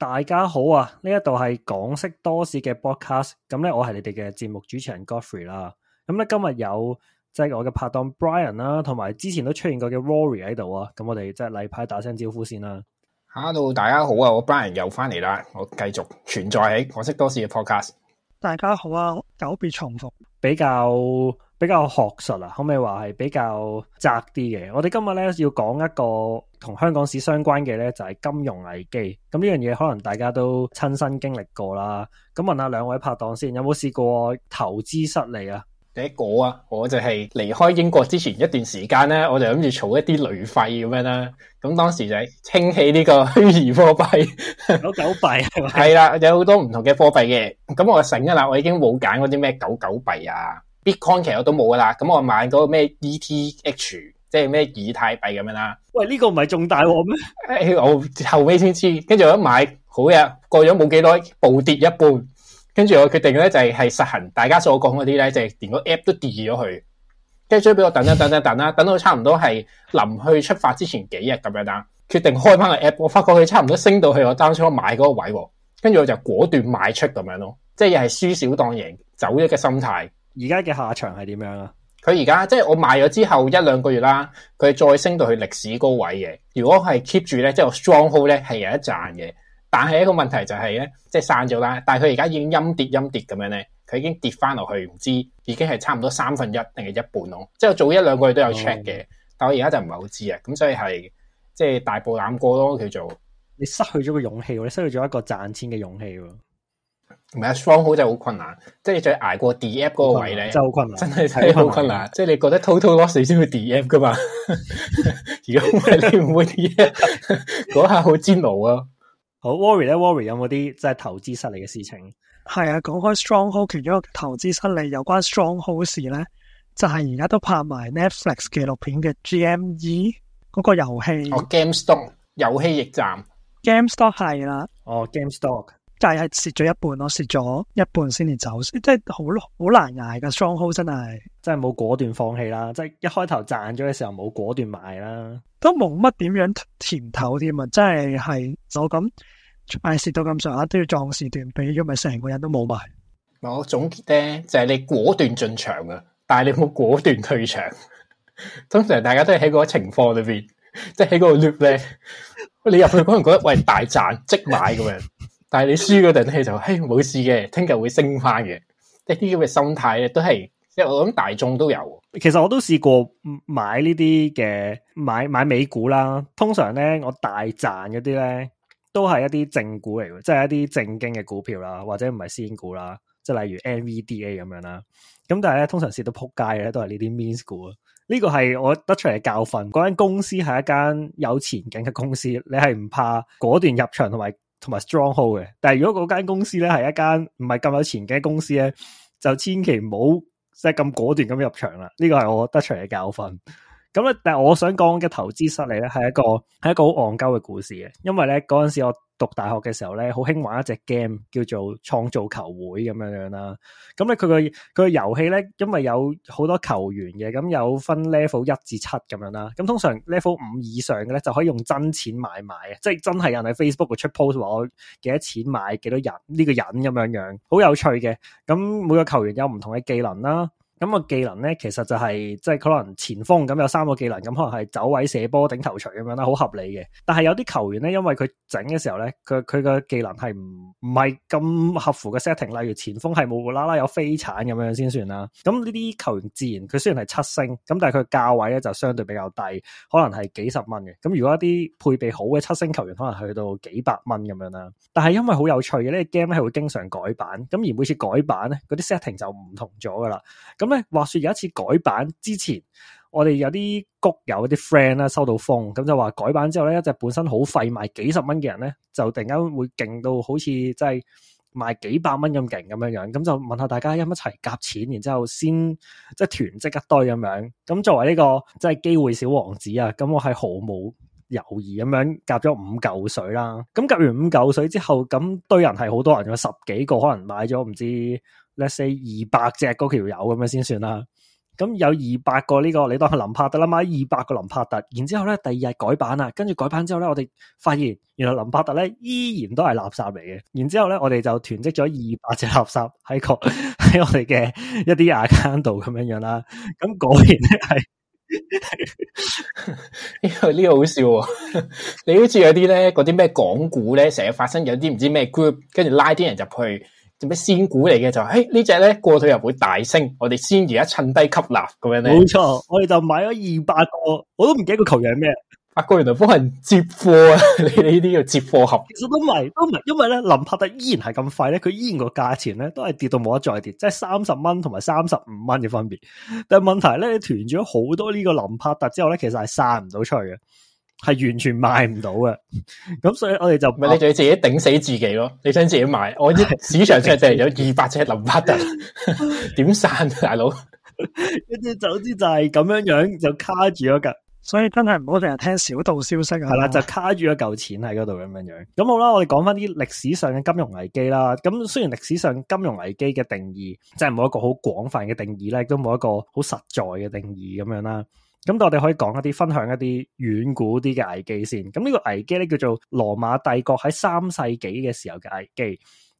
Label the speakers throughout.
Speaker 1: 大家好啊！呢一度係港識多史嘅 podcast，咁咧我係你哋嘅節目主持人 Godfrey 啦。咁咧今日有即係我嘅拍檔 Brian 啦，同埋之前都出現過嘅 Rory 喺度啊。咁我哋即係例牌打聲
Speaker 2: 招呼先啦。吓，到大家好啊！我 Brian 又翻嚟啦，我繼續存在喺港識多史嘅 podcast。
Speaker 3: 大家好啊，久別重逢，
Speaker 2: 比
Speaker 1: 較比較學術啊，可唔可以話係比較窄啲嘅？我哋今日咧要講一個。同香港史相關嘅咧，就係金融危機。咁呢樣嘢可能大家都親身經歷過啦。
Speaker 2: 咁問下兩位拍檔先，有冇試過投資失利啊？第一個啊，我就係離開英國之前一段時間咧，我就諗住儲一啲旅費咁樣啦。咁當時就係傾起呢個虛擬貨幣九九幣係嘛係啦，有好多唔同嘅貨幣嘅。咁我醒啦，我已經冇揀嗰啲咩九九幣啊，Bitcoin 其實我都冇噶啦。咁我買嗰個咩 ETH，即係咩以太幣咁樣啦。喂，呢、這個唔係仲大鑊咩？哎。我後尾先知，跟住我一買好日過咗冇幾耐，暴跌一半。跟住我決定咧就係係實行大家所講嗰啲咧，就係連個 app 都跌咗佢。跟住追，俾我等等等等等啦，等到差唔多係臨去出發之前幾日咁樣啦，決定開翻個 app。我發覺佢差唔多升到去我當初買嗰個位，跟住我就果斷賣出咁樣咯。即係又係輸少當贏，走咗嘅心態。而家嘅下場係點樣啊？佢而家即係我賣咗之後一兩個月啦，佢再升到去歷史高位嘅。如果係 keep 住咧，即係我 strong hold 咧，係有一賺嘅。但係一個問題就係、是、咧，即係散咗啦。但係佢而家已經陰跌陰跌咁樣咧，佢已經跌翻落去，唔知已經係差唔多三分一定係一半咯。即係我早一兩個月都有 check 嘅，哦、但我而家就唔係好知啊。咁所以係即係大步膽過咯叫做，你失去咗個勇氣，你失去咗一個賺錢嘅勇氣。唔係啊，Stronghold 就好困難，即係你再挨過 D F 嗰個位咧，就好困難，真係睇好困難。困難即係你覺得 total loss 先會 D F 噶嘛？而 家你唔會 D F，
Speaker 1: 嗰下好煎熬啊！好，Rory 咧，Rory 有冇啲即係投資失利嘅事情？
Speaker 3: 係啊，講開 Stronghold 其中一個投資失利，有關 Stronghold 事咧，就係而家都拍埋 Netflix 紀錄片嘅 G M E 嗰個遊戲哦，GameStop
Speaker 2: 遊戲驛站
Speaker 3: ，GameStop 係啦、啊，哦，GameStop。就係蝕咗一半咯，蝕咗一半先至走，即係好好難捱嘅，strong hold 真係，真係冇果斷放棄啦，即係一開頭賺咗嘅時候冇果斷賣啦，都冇乜點樣甜頭添啊！真係係就咁，係蝕到咁上下都要壯士斷臂，俾咗咪成
Speaker 2: 個人都冇賣。我總結咧就係、是、你果斷進場啊，但係你冇果斷退場。 通常大家都係喺嗰個情況裏邊，即係喺個 loop 咧， 你入去可能覺得喂，大賺，即買咁樣。但係你輸嗰陣咧，就嘿冇事嘅，聽日會升翻嘅，一啲咁嘅心態咧，都係即係我諗大眾都有。
Speaker 1: 其實我都試過買呢啲嘅買買美股啦。通常咧，我大賺嗰啲咧，都係一啲正股嚟嘅，即係一啲正經嘅股票啦，或者唔係仙股啦，即係例如 NVDA 咁樣啦。咁但係咧，通常蝕到扑街咧，都係呢啲 meme 股。呢個係我得出嚟嘅教訓，嗰間公司係一間有前景嘅公司，你係唔怕果斷入場同埋。同埋 strong hold 嘅，但係如果嗰間公司咧係一間唔係咁有錢嘅公司咧，就千祈唔好即係咁果斷咁入場啦。呢個係我得出嚟嘅教訓。咁咧，但係我想講嘅投資失利咧，係一個係一個好戇鳩嘅故事嘅。因為咧嗰陣時我讀大學嘅時候咧，好興玩一隻 game 叫做創造球會咁樣樣啦。咁咧佢個佢個遊戲咧，因為有好多球員嘅，咁、嗯、有分 level 一至七咁樣啦。咁、嗯、通常 level 五以上嘅咧，就可以用真錢買買啊，即係真係人喺 Facebook 度出 post 話我幾多錢買幾多人呢、呢個人咁樣樣，好有趣嘅。咁、嗯、每個球員有唔同嘅技能啦。咁個技能咧，其實就係、是、即係可能前鋒咁有三個技能，咁可能係走位射、射波、頂頭錘咁樣啦，好合理嘅。但係有啲球員咧，因為佢整嘅時候咧，佢佢個技能係唔唔係咁合乎個 setting，例如前鋒係冇冇啦啦有飛鏟咁樣先算啦。咁呢啲球員自然佢雖然係七星，咁但係佢價位咧就相對比較低，可能係幾十蚊嘅。咁如果一啲配備好嘅七星球員，可能去到幾百蚊咁樣啦。但係因為好有趣嘅呢、呢個 game 係會經常改版，咁而每次改版咧，嗰啲 setting 就唔同咗噶啦。咁話說有一次改版之前，我哋有啲谷友、啲 friend 啦，收到風咁就話改版之後咧，一隻本身好廢賣幾十蚊嘅人咧，就突然間會勁到好似即係賣幾百蚊咁勁咁樣樣。咁就問下大家一唔一齊夾錢，然之後先即係囤積一堆咁樣。咁作為呢個即係機會小王子啊，咁我係毫無猶豫咁樣夾咗五嚿水啦。咁夾完五嚿水之後，咁堆人係好多人，有十幾個可能買咗唔知。Let's say 二百隻嗰條友咁樣先算啦，咁有二百個呢、呢個，你當係林柏特啦嘛，二百個林柏特，然之後咧第二日改版啊，跟住改版之後咧，我哋發現原來林柏特咧依然都係垃圾嚟嘅，然之後咧我哋就囤積咗二百隻垃圾喺個喺我哋嘅一啲 account 度咁樣樣啦，咁果
Speaker 2: 然咧係呢個呢個好笑、哦， 你好似有啲咧嗰啲咩港股咧成日發生有啲唔知咩 group，跟住拉啲人入去。做咩仙股嚟嘅就話，誒、欸、呢隻咧，過退又會大升，我哋先而家趁低吸納咁樣咧。冇錯，我哋就買咗二百個，我都唔記得個球樣咩，阿哥原來幫人接
Speaker 1: 貨啊！ 你哋呢啲叫接貨俠。其實都唔係，都唔係，因為咧林柏特依然係咁快咧，佢依然個價錢咧都係跌到冇得再跌，即係三十蚊同埋三十五蚊嘅分別。但係問題咧，你囤住咗好多呢個林柏特之後咧，其實係散唔到出去嘅。係完全賣唔到
Speaker 2: 嘅，咁所以我哋就唔係你仲要自己頂死自己咯。你想自己買？我知市場出嚟，淨係有二百隻林匹特，點 散大佬？
Speaker 1: 總之就係咁樣樣就卡住咗噶，所以真係唔好成日聽小道消息啊！係啦，就卡住咗嚿錢喺嗰度咁樣樣。咁好啦，我哋講翻啲歷史上嘅金融危機啦。咁雖然歷史上金融危機嘅定、定義，即係冇一個好廣泛嘅定義咧，亦都冇一個好實在嘅定義咁樣啦。咁我哋可以講一啲分享一啲遠古啲嘅危機先。咁呢個危機咧叫做羅馬帝國喺三世紀嘅時候嘅危機。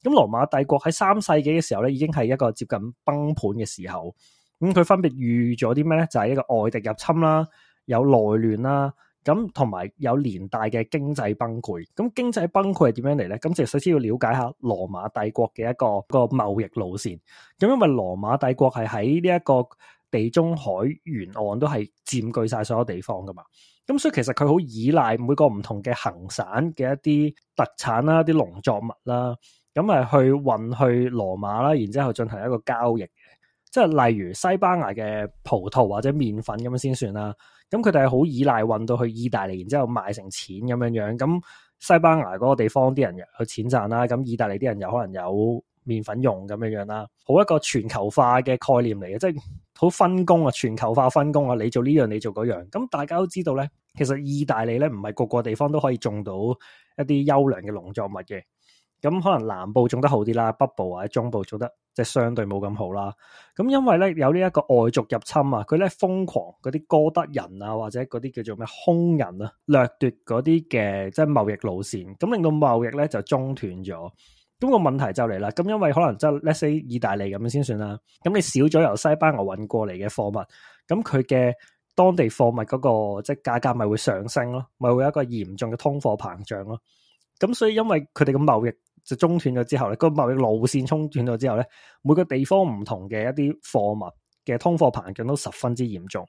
Speaker 1: 咁羅馬帝國喺三世紀嘅時候咧已經係一個接近崩盤嘅時候。咁佢分別預咗啲咩咧？就係、是、一個外敵入侵啦，有內亂啦，咁同埋有連帶嘅經濟崩潰。咁經濟崩潰係點樣嚟咧？咁其實首先要了解下羅馬帝國嘅一個一個貿易路線。咁因為羅馬帝國係喺呢一個。地中海沿岸都係佔據晒所有地方噶嘛，咁所以其實佢好依賴每個唔同嘅行省嘅一啲特產啦、啲農作物啦，咁啊去運去羅馬啦，然之後進行一個交易嘅，即係例如西班牙嘅葡萄或者麵粉咁先算啦，咁佢哋係好依賴運到去意大利，然之後賣成錢咁樣樣，咁西班牙嗰個地方啲人有錢賺啦，咁意大利啲人有可能有。麵粉用咁樣樣啦，好一個全球化嘅概念嚟嘅，即係好分工啊，全球化分工啊，你做呢樣，你做嗰樣。咁大家都知道咧，其實意大利咧唔係個個地方都可以種到一啲優良嘅農作物嘅。咁可能南部種得好啲啦，北部或者中部種得即係、就是、相對冇咁好啦。咁因為咧有呢一個外族入侵啊，佢咧瘋狂嗰啲哥德人啊，或者嗰啲叫做咩匈人啊，掠奪嗰啲嘅即係貿易路線，咁令到貿易咧就中斷咗。咁個問題就嚟啦，咁因為可能即係例如意大利咁樣先算啦，咁你少咗由西班牙運過嚟嘅貨物，咁佢嘅當地貨物嗰個即係價格咪會上升咯，咪會有一個嚴重嘅通貨膨脹咯。咁所以因為佢哋嘅貿易就中斷咗之後咧，個貿易路線中斷咗之後咧，每個地方唔同嘅一啲貨物嘅通貨膨脹都十分之嚴重。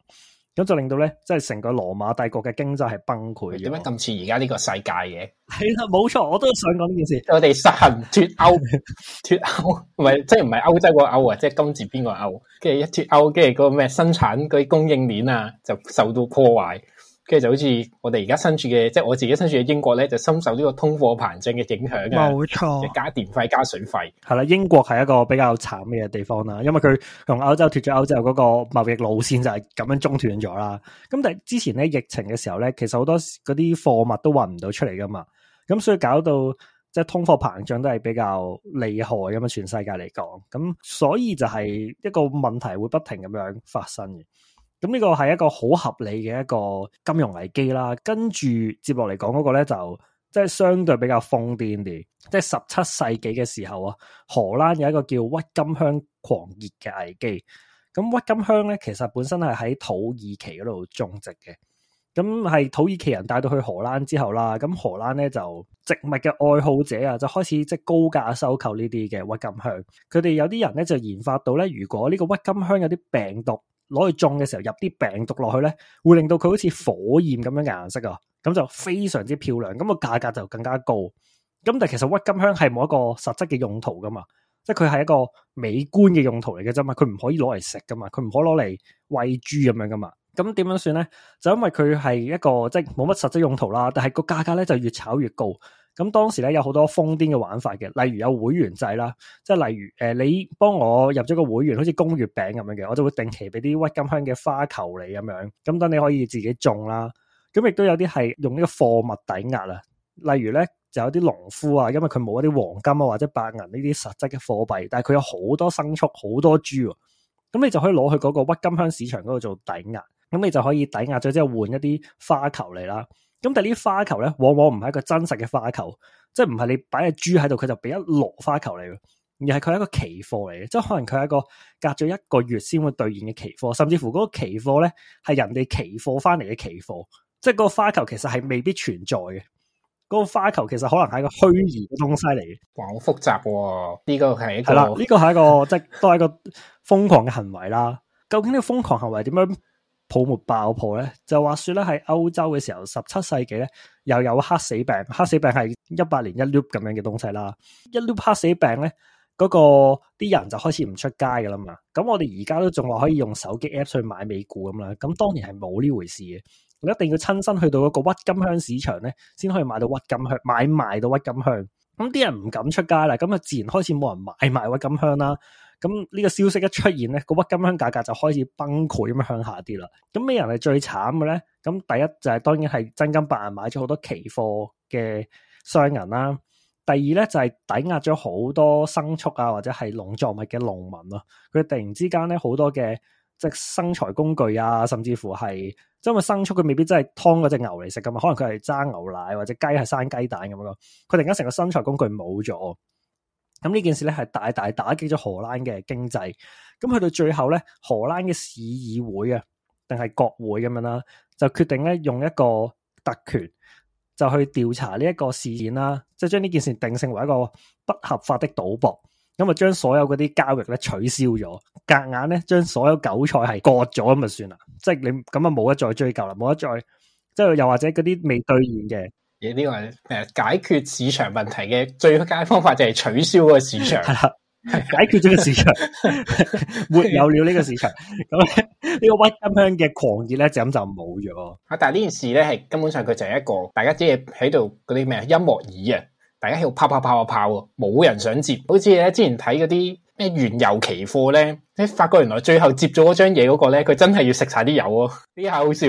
Speaker 1: 咁就令到咧，即係成個羅馬帝國嘅經濟係崩潰。點解咁似而家呢個
Speaker 2: 世界嘅？係啦，冇錯，我都想講呢件事。我哋實行脫歐， 脫歐唔係，即係唔係歐洲個歐啊，即係今次邊個歐？跟住一脫歐，跟住嗰個咩生產嗰啲供應鏈啊，就受到破壞。跟住就好似我哋而家身處嘅，即係我自己身處嘅英國咧，就深受呢個通貨膨脹嘅影響嘅。冇錯，加電費加水費。
Speaker 1: 係啦，英國係一個比較慘嘅地方啦，因為佢同歐洲脫咗歐洲嗰個貿易路線就係咁樣中斷咗啦。咁但係之前咧疫情嘅時候咧，其實好多嗰啲貨物都運唔到出嚟噶嘛，咁所以搞到即係通貨膨脹都係比較厲害咁啊！全世界嚟講，咁所以就係一個問題會不停咁樣發生嘅。咁呢個係一個好合理嘅一個金融危機啦，跟住接落嚟講嗰個咧就即係相對比較瘋癲啲，即係十七世紀嘅時候啊，荷蘭有一個叫鬱金香狂熱嘅危機。咁鬱金香咧其實本身係喺土耳其嗰度種植嘅，咁係土耳其人帶到去荷蘭之後啦，咁荷蘭咧就植物嘅愛好者啊就開始即係高價收購呢啲嘅鬱金香，佢哋有啲人咧就研發到咧，如果呢個鬱金香有啲病毒攞去種嘅時候，入啲病毒落去咧，會令到佢好似火焰咁樣嘅顏色啊，咁就非常之漂亮。咁個價格就更加高。咁但係其實鬱金香係冇一個實質嘅用途噶嘛，即係佢係一個美觀嘅用途嚟嘅啫嘛，佢唔可以攞嚟食噶嘛，佢唔可攞嚟餵豬咁樣噶嘛。咁點樣算咧？就因為佢係一個即係冇乜實質用途啦，但係個價格咧就越炒越高。咁當時咧有好多瘋癲嘅玩法嘅，例如有會員制啦，即係例如誒你幫我入咗個會員，好似供月餅咁樣嘅，我就會定期俾啲鬱金香嘅花球你咁樣，咁等你可以自己種啦。咁亦都有啲係用呢個貨物抵押啊，例如咧就有啲農夫啊，因為佢冇一啲黃金啊或者白銀呢啲實質嘅貨幣，但係佢有好多牲畜好多豬喎，咁你就可以攞去嗰個鬱金香市場嗰度做抵押，咁你就可以抵押咗之後換一啲花球嚟啦。咁但係呢啲花球咧，往往唔係一個真實嘅花球，即係唔係你擺隻豬喺度，佢就俾一籮花球嚟嘅，而係佢係一個期貨嚟嘅，即係可能佢係一個隔咗一個月先會兌現嘅期貨，甚至乎嗰個期貨咧係人哋期貨翻嚟嘅期貨，即係個花球其實係未必存在嘅，嗰個花球其實可能係一個虛擬嘅東西嚟嘅。哇，好複雜喎！呢個
Speaker 2: 係一個係啦，呢個
Speaker 1: 係一個 即係都係一個瘋狂嘅行為啦。究竟呢個瘋狂行為點樣？泡沫爆破咧，就話說咧喺歐洲嘅時候，十七世紀咧又有黑死病，黑死病係一百年一碌咁樣嘅東西啦，一碌黑死病咧，嗰個啲人就開始唔出街噶啦嘛，咁我哋而家都仲話可以用手機 apps 去買美股咁啦，咁當然係冇呢回事嘅，我一定要親身去到嗰個鬱金香市場咧，先可以買到鬱金香，買賣到鬱金香，咁啲人唔敢出街啦，咁啊自然開始冇人買賣鬱金香啦。咁呢個消息一出現咧，個鬱金香價格就開始崩潰咁樣向下跌啦。咁咩人係最慘嘅咧？咁第一就係、是、當然係真金白銀買咗好多期貨嘅商人啦、啊。第二咧就係、是、抵押咗好多牲畜啊，或者係農作物嘅農民咯、啊。佢突然之間咧，好多嘅即係生財工具啊，甚至乎係，就是、因為牲畜佢未必真係劏嗰隻牛嚟食噶嘛，可能佢係揸牛奶或者雞係生雞蛋咁樣咯。佢突然間成個生財工具冇咗。咁呢件事咧，係大大打擊咗荷蘭嘅經濟。咁去到最後咧，荷蘭嘅市議會啊，定係國會咁樣啦，就決定咧用一個特權，就去調查呢一個事件啦，即係將呢件事定性為一個不合法的賭博，咁啊將所有嗰啲交易咧取消咗，隔硬咧將所有韭菜係割咗咁就算啦。即係你咁啊冇得再追究啦，冇得再即係又或者嗰啲未兌現嘅。亦呢
Speaker 2: 個係誒解決市場問題嘅最佳方法就係取消個市場，係啦，係解決咗個市場，
Speaker 3: 沒有了呢個市
Speaker 2: 場，咁咧呢個鬱金香嘅狂熱咧就咁就冇咗。啊！但係呢件事咧係根本上佢就係一個大家即係喺度嗰啲咩音樂椅啊，大家喺度拋拋拋啊拋啊，冇人想接。好似咧之前睇嗰啲咩原油期貨咧，你發覺原來最後接咗嗰張嘢嗰個咧，佢真係要食晒啲油哦！呢下好笑，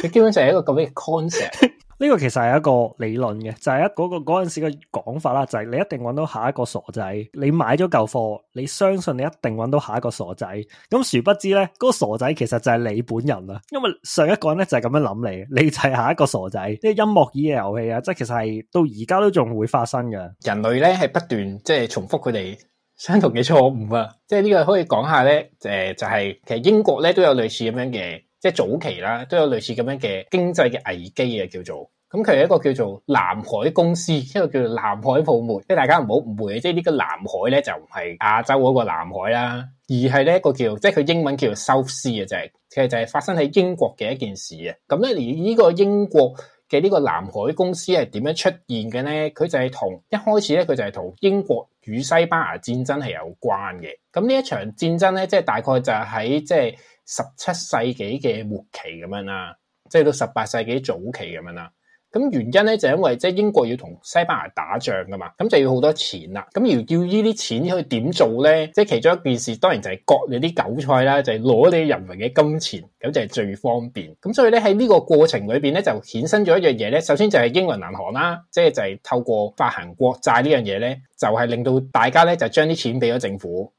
Speaker 2: 佢 基本上係一個咁嘅 concept。呢個其實
Speaker 1: 係一個理論嘅，就係一嗰個嗰陣時嘅講法啦，就係、是、你一定揾到下一個傻仔，你買咗舊貨，你相信你一定揾到下一個傻仔，咁殊不知呢，嗰、那個傻仔其實就係你本人啦。因為上一個人咧就係咁樣諗你，你就係下一個傻仔，即、這、係、個、音樂椅
Speaker 2: 嘅遊戲啊，即係其實係到而家都仲會發生嘅。人類咧係不斷即係、就是、重複佢哋相同嘅錯誤啊，即係呢個可以講下咧，誒就係、是就是、其實英國咧都有類似咁樣嘅。即係早期啦，都有類似咁樣嘅經濟嘅危機啊，叫做咁。佢實一個叫做南海公司，一個叫做南海泡沫。即係大家唔好誤會，即係呢個南海咧就唔係亞洲嗰個南海啦，而係呢一個叫即係佢英文叫做修斯 t 啊，就係其實就係發生喺英國嘅一件事啊。咁咧，而呢個英國嘅呢個南海公司係點樣出現嘅咧？佢就係同一開始咧，佢就係同英國與西班牙戰爭係有關嘅。咁呢一場戰爭咧，即、就、係、是、大概就喺即係。就是十七世紀嘅末期咁樣啦，即係到十八世紀早期咁樣啦。咁原因咧就係因為即係英國要同西班牙打仗噶嘛，咁就要好多錢啦。咁而要呢啲錢去點做咧？即係其中一件事，當然就係割你啲韭菜啦，就係攞你人民嘅金錢，咁就係最方便。咁所以咧喺呢個過程裏邊咧，就衍生咗一樣嘢咧。首先就係英倫銀行啦，即係就係透過發行國債呢樣嘢咧，就係令到大家咧就將啲錢俾咗政府，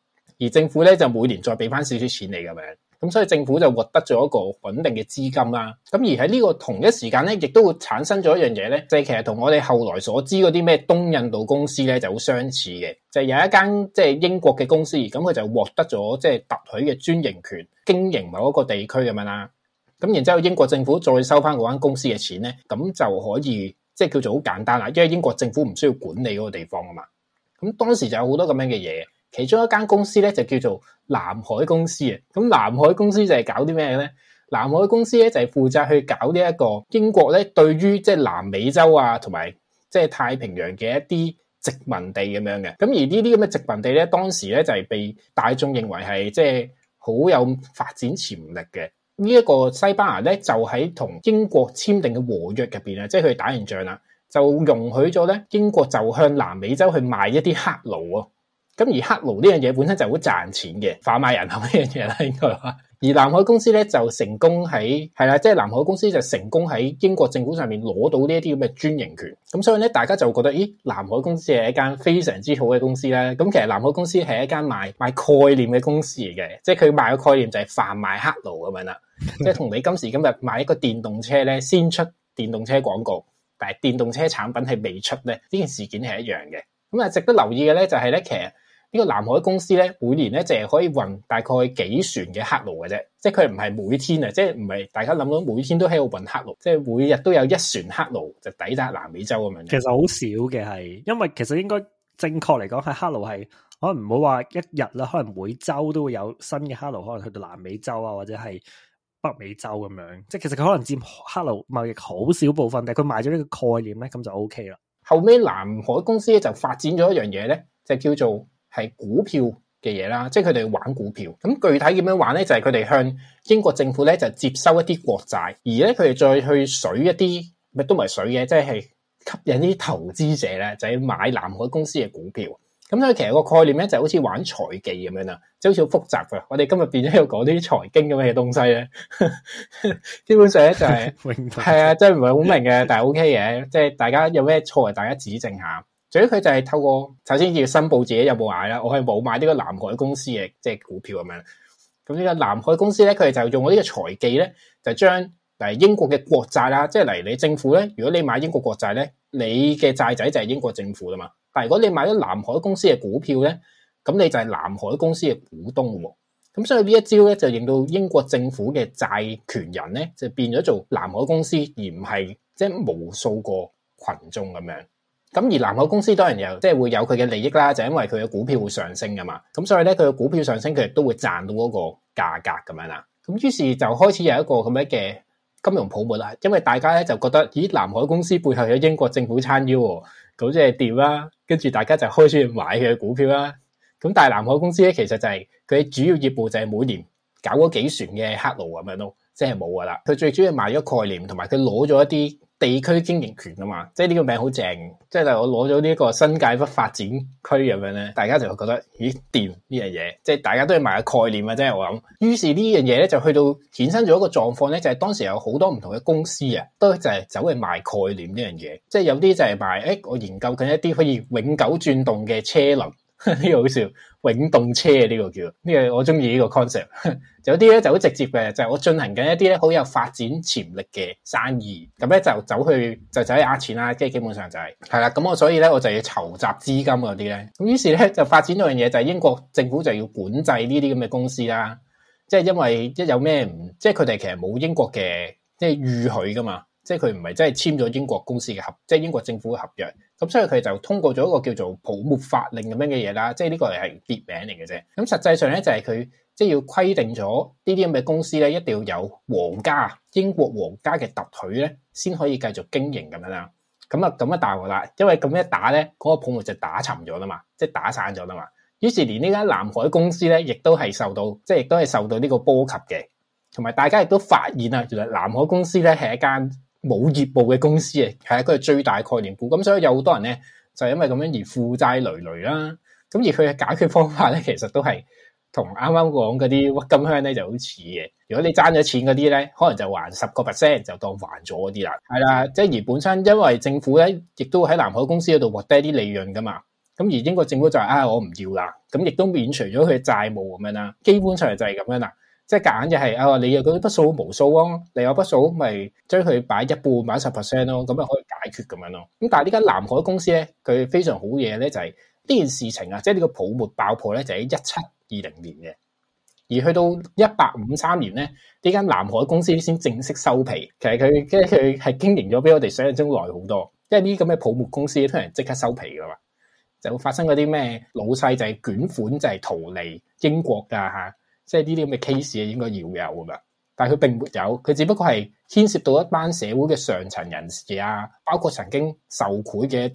Speaker 2: 而政府咧就每年再俾翻少少錢你咁樣。咁所以政府就獲得咗一個穩定嘅資金啦。咁而喺呢個同一時間咧，亦都會產生咗一樣嘢咧，就係、是、其實同我哋後來所知嗰啲咩東印度公司咧就好相似嘅。就是、有一間即係英國嘅公司，咁佢就獲得咗即係特許嘅專營權，經營某一個地區咁樣啦。咁然之後英國政府再收翻嗰間公司嘅錢咧，咁就可以即係、就是、叫做好簡單啦，因為英國政府唔需要管理嗰個地方啊嘛。咁當時就有好多咁樣嘅嘢。其中一間公司咧就叫做南海公司啊，咁南海公司就係搞啲咩咧？南海公司咧就係負責去搞呢一個英國咧對於即係南美洲啊同埋即係太平洋嘅一啲殖民地咁樣嘅，咁而呢啲咁嘅殖民地咧，當時咧就係被大眾認為係即係好有發展潛力嘅。呢一個西班牙咧就喺同英國簽訂嘅和約入邊啊，即係佢打完仗啦，就容許咗咧英國就向南美洲去賣一啲黑奴啊。咁而黑奴呢樣嘢本身就好賺錢嘅，販賣人口呢樣嘢啦，應該話。 而南海公司咧就成功喺係啦，即係南海公司就成功喺、就是、英國政府上面攞到呢一啲咁嘅專營權。咁所以咧，大家就會覺得，咦？南海公司係一間非常之好嘅公司咧。咁其實南海公司係一間賣賣概念嘅公司嚟嘅，即係佢賣嘅概念就係販賣黑奴咁樣啦。即係同你今時今日買一個電動車咧，先出電動車廣告，但係電動車產品係未出咧，呢件事件係一樣嘅。咁啊，值得留意嘅咧就係咧，其實。呢個南海公司咧，每年咧淨係可以運大概幾船嘅黑奴嘅啫，即係佢唔係每天啊，即係唔係大家諗到每天都喺度運黑奴，即係每日都有一船黑奴就抵達南美洲咁樣。其實好少嘅係，因為其實應該正確嚟講，係黑奴係
Speaker 1: 可能唔好話一日啦，可能每週都會有新嘅黑奴，可能去到南美洲啊，或者係北美洲咁樣。即係其實佢可能佔黑奴貿易好少部分，但係佢賣咗呢個概
Speaker 2: 念咧，咁就 O K 啦。後尾南海公司咧就發展咗一樣嘢咧，就係、叫做。係股票嘅嘢啦，即係佢哋玩股票。咁具體點樣玩咧？就係佢哋向英國政府咧就接收一啲國債，而咧佢哋再去水一啲，咪都唔係水嘅，即係吸引啲投資者咧就去、是、買南海公司嘅股票。咁咧其實個概念咧就，就好似玩財技咁樣啦，即係好似好複雜噶。我哋今日變咗要講啲財經咁樣嘅東西咧， 基本上咧就係、是、係 啊，即係唔係好明嘅， 但係 O K 嘅，即、就、係、是、大家有咩錯，大家指正下。所以佢就係透過首先要申報自己有冇買啦，我係冇買呢個南海公司嘅即係股票咁樣。咁呢個南海公司咧，佢哋就用我呢個財技咧，就將嚟英國嘅國債啦，即係嚟你政府咧。如果你買英國國債咧，你嘅債仔就係英國政府㗎嘛。但係如果你買咗南海公司嘅股票咧，咁你就係南海公司嘅股東。咁所以呢一招咧，就令到英國政府嘅債權人咧，就變咗做南海公司，而唔係即係無數個群眾咁樣。咁而南海公司當然又即係會有佢嘅利益啦，就因為佢嘅股票會上升噶嘛，咁所以咧佢嘅股票上升佢亦都會賺到嗰個價格咁樣啦。咁於是就開始有一個咁樣嘅金融泡沫啦，因為大家咧就覺得咦，南海公司背後有英國政府撐腰、啊，咁即係掂啦？跟住大家就開始買佢嘅股票啦、啊。咁但係南海公司咧，其實就係、是、佢主要業務就係每年搞嗰幾船嘅黑奴咁樣咯，即係冇噶啦。佢最主要賣咗概念同埋佢攞咗一啲。地區經營權啊嘛，即係呢個名好正，即係我攞咗呢個新界北發展區咁樣咧，大家就會覺得咦，掂呢樣嘢，即係大家都要賣概念啊，即係我諗。於是呢樣嘢咧就去到衍生咗一個狀況咧，就係、是、當時有好多唔同嘅公司啊，都就係走去賣概念呢樣嘢，即係有啲就係賣誒，我研究緊一啲可以永久轉動嘅車輪， 呢個好笑，永動車呢、這個叫，呢、這個我中意呢個 concept。 有啲咧就好直接嘅，就係我進行緊一啲咧好有發展潛力嘅生意，咁咧就走去就走去呃錢啦，即係基本上就係係啦。咁我所以咧我就要籌集資金嗰啲咧，咁於是咧就發展一樣嘢，就係英國政府就要管制呢啲咁嘅公司啦，即係因為一有咩，唔，即係佢哋其實冇英國嘅即係預許噶嘛，即係佢唔係真係簽咗英國公司嘅合，即係英國政府嘅合約，咁所以佢就通過咗一個叫做泡沫法令咁樣嘅嘢啦，即係呢個係係別名嚟嘅啫。咁實際上咧就係佢。即係要規定咗呢啲咁嘅公司咧，一定要有皇家、英國皇家嘅特許咧，先可以繼續經營咁樣啦。咁啊，咁大鑊啦，因為咁一打咧，嗰、那個泡沫就打沉咗啦嘛，即係打散咗啦嘛。於是連呢間南海公司咧，亦都係受到，即係亦都係受到呢個波及嘅。同埋大家亦都發現啦，原來南海公司咧係一間冇業務嘅公司啊，係啊，佢係最大概念股。咁所以有好多人咧，就因為咁樣而負債累累啦。咁而佢嘅解決方法咧，其實都係。同啱啱講嗰啲鬱金香咧就好似嘅。如果你爭咗錢嗰啲咧，可能就還十個 percent 就當還咗嗰啲啦。係啦，即係而本身因為政府咧，亦都喺南海公司嗰度獲得啲利潤噶嘛。咁而英國政府就係、是、啊，我唔要啦。咁亦都免除咗佢債務咁樣啦。基本上就係咁樣啦。即係夾硬就係啊，你有嗰筆數冇數咯、啊，你有筆數咪將佢擺一半，擺十 percent 咯，咁咪可以解決咁樣咯。咁但係呢間南海公司咧，佢非常好嘢咧，就係、是、呢件事情啊，即係呢個泡沫爆破咧，就喺、是、一七。二零年嘅，而去到一八五三年咧，呢間南海公司先正式收皮。其實佢即係佢係經營咗比我哋想象中耐好多。因為呢啲咁嘅泡沫公司通常即刻收皮噶嘛，就發生嗰啲咩老細就係捲款就係逃離英國噶吓、啊，即係呢啲咁嘅 case 應該要有噶嘛。但係佢並沒有，佢只不過係牽涉到一班社會嘅上層人士啊，包括曾經受賄嘅一啲，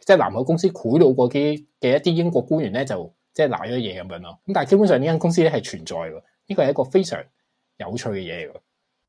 Speaker 2: 即係南海公司賄賂過啲嘅一啲英國官員咧就。即係瀨咗嘢咁樣咯，咁但係基本上呢間公司咧係存在嘅，呢個係一個非常有趣嘅嘢嚟。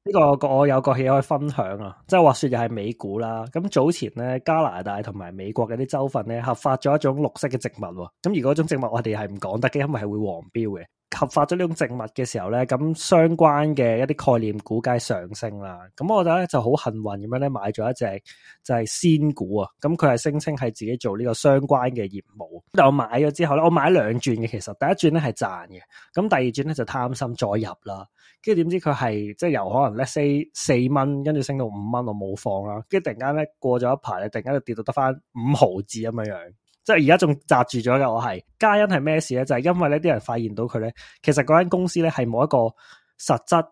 Speaker 2: 呢個我有個嘢可以分享啊，即係話説又係美股啦。咁早
Speaker 1: 前咧，加拿大同埋美國嘅啲州份咧合發咗一種綠色嘅植物，咁而嗰種植物我哋係唔講得嘅，因為係會黃標嘅。合法咗呢種植物嘅時候咧，咁相關嘅一啲概念股梗係上升啦。咁我覺得就咧就好幸運咁樣咧，買咗一隻就係仙股啊。咁佢係聲稱係自己做呢個相關嘅業務。但我買咗之後咧，我買兩轉嘅，其實第一轉咧係賺嘅。咁第二轉咧就貪心再入啦。跟住點知佢係即係由可能 let's say 四蚊，跟住升到五蚊，我冇放啦。跟住突然間咧過咗一排咧，突然間就跌得到得返五毫子咁樣樣。即係而家仲紮住咗嘅，我係嘉欣係咩事咧？就係因為咧，啲人發現到佢咧，其實嗰間公司咧係冇一個實質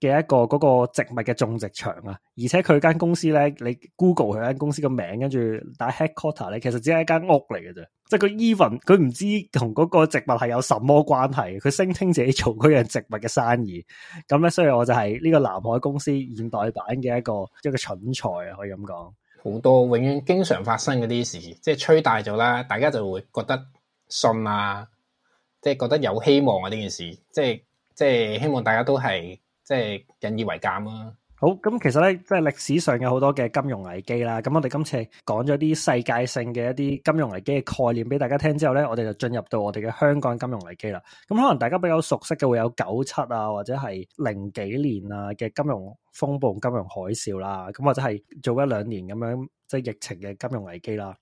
Speaker 1: 嘅一個嗰個植物嘅種植場啊。而且佢間公司咧，你 Google 佢間公司個名，跟住打 headquarter 咧，其實只係一間屋嚟嘅啫。即係佢 even 佢唔知同嗰個植物係有什麼關係。佢聲稱自己做嗰樣植物嘅生意，咁咧，所以我就係呢個南海公司現代版嘅一個一個蠢材啊，可以咁講。好
Speaker 2: 多永遠經常發生嗰啲事情，即係吹大咗啦，大家就會覺得信啊，即係覺得有希望啊呢件事，即係即係希望大家都係即係引以為鑑啦啊。
Speaker 1: 好，咁其實咧，即係歷史上有好多嘅金融危機啦。咁我哋今次講咗啲世界性嘅一啲金融危機嘅概念俾大家聽之後咧，我哋就進入到我哋嘅香港金融危機啦。咁可能大家比較熟悉嘅會有九七啊，或者係零幾年啊嘅金融風暴、金融海嘯啦。咁或者係早一兩年咁樣，即係疫情嘅金融危機啦。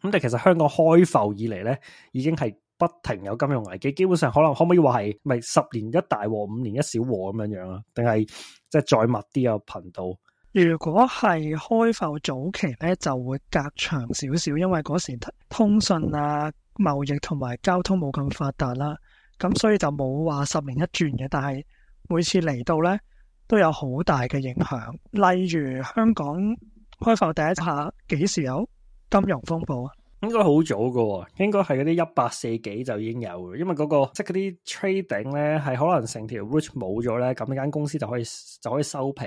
Speaker 1: 咁但其實香港開埠以嚟咧，已經係。不停有金融危機，基本上可能可唔可以話係咪十年一大禍，五年一小禍咁樣樣啊？定係即係再密啲個頻道？
Speaker 3: 如果係開埠早期咧，就會隔長少少，因為嗰時通訊啊、貿易同埋交通冇咁發達啦，咁所以就冇話十年一轉嘅。但係每次嚟到咧，都有好大嘅影響。例如香港開埠第一下，幾時有金融風暴啊？
Speaker 1: 應該好早嘅。哦，應該係嗰啲一百四幾就已經有嘅，因為嗰、那個即係嗰啲 trading 咧，係、就是、可能成條 route 冇咗咧，咁間公司就可以就可以收皮。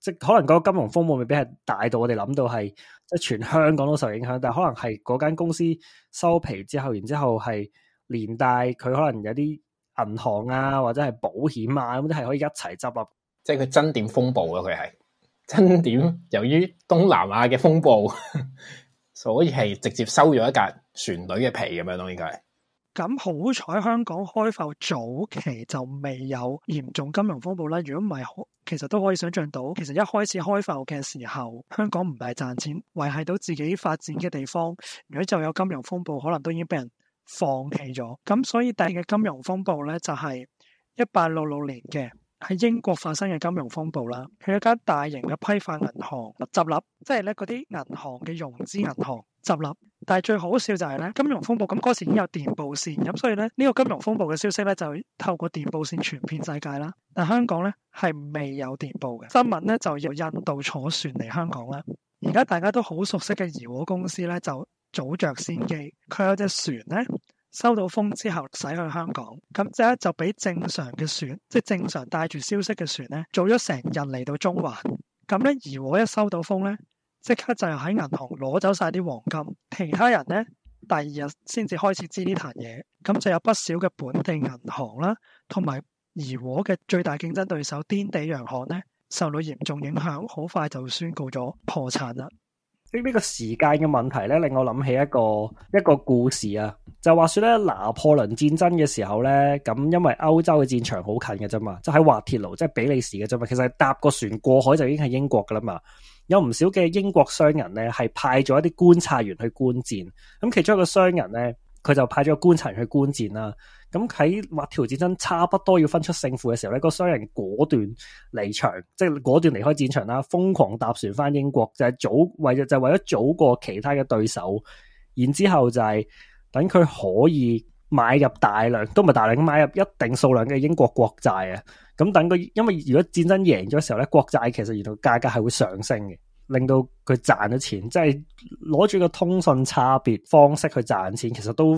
Speaker 1: 即係可能嗰個金融風暴未必係大到我哋諗到係即係全香港都受影響，但係可能係嗰間公司收皮之後，然之後係連帶佢可能有啲銀行啊或者係保險啊咁啲係可以
Speaker 2: 一齊執笠。即係佢增點風暴啊，佢係增點由於東南亞嘅風暴。 所以係直接收咗一架船隊嘅皮咁樣咯，應該
Speaker 3: 咁好彩香港開埠早期就未有嚴重金融風暴啦。如果唔係，其實都可以想象到，其實一開始開埠嘅時候，香港唔係賺錢，維繫到自己發展嘅地方，如果就有金融風暴，可能都已經被人放棄咗。咁所以第二個金融風暴咧，就係一八六六年嘅。喺英國發生嘅金融風暴啦，佢一間大型嘅批發銀行執笠，即係咧嗰啲銀行嘅融資銀行執笠。但係最好笑就係咧，金融風暴咁嗰時已經有電報線，咁所以咧呢個金融風暴嘅消息咧就透過電報線傳遍世界啦。但香港咧係未有電報嘅。新聞咧，就由印度坐船嚟香港啦。而家大家都好熟悉嘅怡和公司咧，就早着先機，佢有隻船咧。收到風之後，駛去香港，咁即刻就俾正常嘅船，即係正常帶住消息嘅船咧，做咗成日嚟到中環。咁咧，怡和一收到風咧，即刻就喺銀行攞走晒啲黃金，其他人咧第二日先至開始知呢壇嘢。咁就有不少嘅本地銀行啦，同埋怡和嘅最大競爭對手顛地洋行咧，受到嚴重影響，好快就宣告咗破產啦。
Speaker 1: 呢呢個時間嘅問題咧，令我諗起一個一個故事啊，就話說咧，拿破崙戰爭嘅時候咧，咁因為歐洲嘅戰場好近嘅啫嘛，就喺滑鐵盧，即係比利時嘅啫嘛，其實係搭個船過海就已經係英國噶啦嘛，有唔少嘅英國商人咧係派咗一啲觀察員去觀戰，咁其中一個商人咧。佢就派咗個觀察人去觀戰啦。咁喺畫條戰爭差不多要分出勝負嘅時候咧，個商人果斷離場，即係果斷離開戰場啦。瘋狂搭船翻英國，就係、係、早為就係、為咗早過其他嘅對手。然之後就係等佢可以買入大量，都唔係大量，買入一定數量嘅英國國債啊。咁等佢，因為如果戰爭贏咗嘅時候咧，國債其實原來價格係會上升嘅。令到佢賺咗錢，即係攞住個通訊差別方式去賺錢，其實都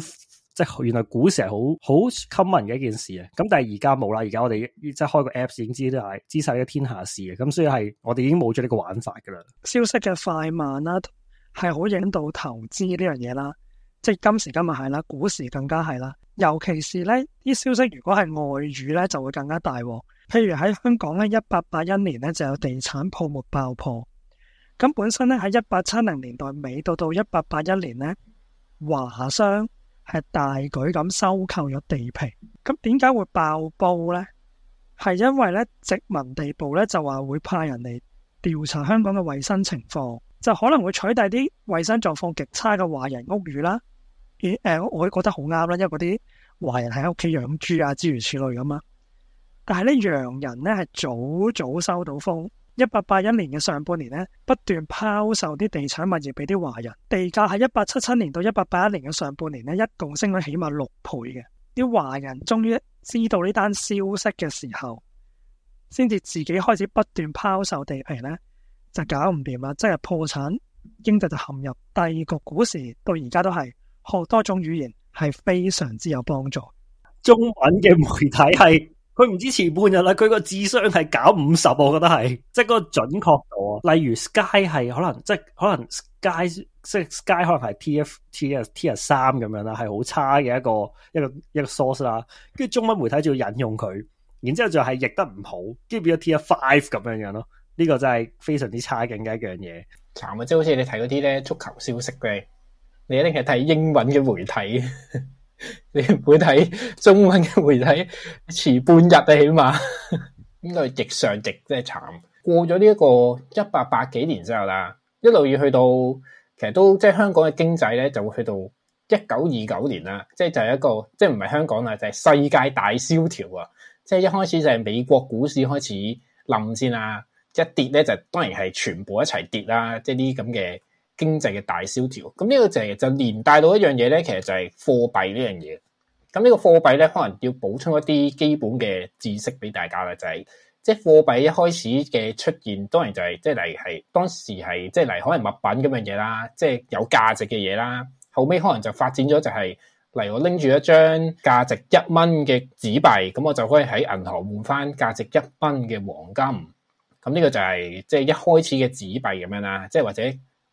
Speaker 1: 即係原來股市係好好吸引嘅一件事啊！咁但係而家冇啦，而家我哋即係開個 apps 已經知都晒知晒一天下事啊！咁所以係我哋已經冇咗呢個玩法噶啦。
Speaker 3: 消息嘅快慢啦，係好影到投資呢樣嘢啦。即係今時今日係啦、啊，股市更加係啦、啊，尤其是咧啲消息如果係外語咧，就會更加大鑊、啊。譬如喺香港咧，一八八一年咧就有地產泡沫爆破。咁本身咧，喺一八七零年代尾到到一八八一年咧，華商係大舉咁收購咗地皮。咁點解會爆煲咧？係因為咧殖民地部咧就話會派人嚟調查香港嘅衛生情況，就可能會取締啲衛生狀況極差嘅華人屋宇啦。咦，誒、欸，我會覺得好啱啦，因為嗰啲華人喺屋企養豬啊，諸如此類咁啊。但係咧，洋人咧係早早收到風。一八八一年嘅上半年呢，不斷拋售啲地產物業俾啲華人，地價喺一八七七年到一八八一年嘅上半年呢，一共升咗起碼六倍嘅。啲華人終於知道呢單消息嘅時候，先至自己開始不斷拋售地皮呢，就搞唔掂啦，即係破產。英德就陷入帝國股市，到而家都係學多種語言係非常之有幫助。
Speaker 1: 中文嘅媒體係。佢唔支持半日啦，佢個智商係搞五十，我覺得係，即係嗰個準確度啊。例如 Sky 係可能，即係可能 Sky 即係 Sky 可能係 TF TF TF 三咁樣啦，係好差嘅一個一個一個 source 啦。跟住中文媒體就要引用佢，然之後就係譯得唔好，
Speaker 2: 跟住變咗 TF five 咁樣樣咯。呢個真係非常之差勁嘅一樣嘢。慘啊！即係好似你睇嗰啲咧足球消息嘅，你一定係睇英文嘅媒體。 你唔會睇中文嘅媒體遲半日啊，起碼應該係直上直，即係慘。過咗呢一個一八八幾年之後啦，一路要去到，其實都即係香港嘅經濟咧，就會去到一九二九年啦，即係就係一個即係唔係香港啦，就係、是、世界大蕭條啊。即係一開始就係美國股市開始冧先啦，即一跌咧就當然係全部一齊跌啦，即係呢咁嘅。經濟嘅大蕭條，咁呢個就係就連帶到一樣嘢咧。其實就係貨幣呢樣嘢。咁呢個貨幣咧，可能要補充一啲基本嘅知識俾大家啦。就係、是、即係貨幣一開始嘅出現，當然就係即嚟係當時係即嚟可能物品咁樣嘢啦，即係有價值嘅嘢啦。後尾可能就發展咗、就是，就係嚟我拎住一張價值一蚊嘅紙幣，咁我就可以喺銀行換翻價值一蚊嘅黃金。咁呢個就係即係一開始嘅紙幣咁樣啦，即係或者。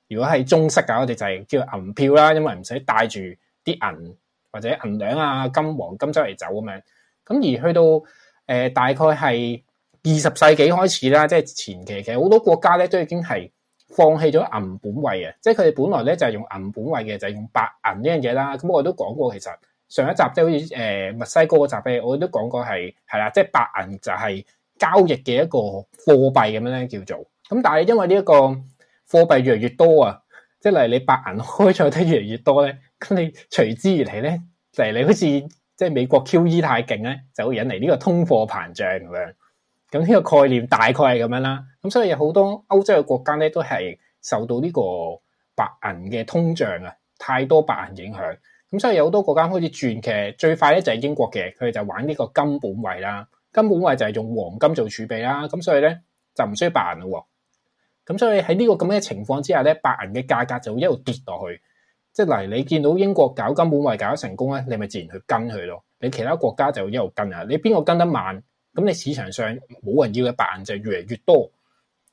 Speaker 2: 如果係中式噶，我哋就係叫銀票啦，因為唔使帶住啲銀或者銀兩啊、金黃金出嚟走咁樣。咁而去到誒、呃，大概係二十世紀開始啦，即係前期其實好多國家咧，都已經係放棄咗銀本位啊，即係佢哋本來咧就係、是、用銀本位嘅，就係、用白銀呢樣嘢啦。咁、嗯、我哋都講過，其實上一集即係好似誒、呃、墨西哥嗰集咧，我哋都講過係係啦，即係白銀就係交易嘅一個貨幣咁樣咧，叫做咁。但係因為呢、這、一個。貨幣越嚟越多啊，即係例如你白銀開採得越嚟越多咧，咁你隨之而嚟咧，嚟、就係、你好似即係美國 QE 太勁咧，就會引嚟呢個通貨膨脹咁樣。咁呢個概念大概係咁樣啦。咁所以有好多歐洲嘅國家咧，都係受到呢個白銀嘅通脹啊，太多白銀影響。咁所以有好多國家開始轉，其實最快咧就係英國嘅，佢哋就玩呢個金本位啦。金本位就係用黃金做儲備啦。咁所以咧就唔需要白銀咯。咁所以喺呢個咁嘅情況之下咧，白銀嘅價格就會一路跌落去。即係嗱，你見到英國搞金本位搞成功咧，你咪自然去跟佢咯。你其他國家就會一路跟啊。你邊個跟得慢，咁你市場上冇人要嘅白銀就越嚟越多。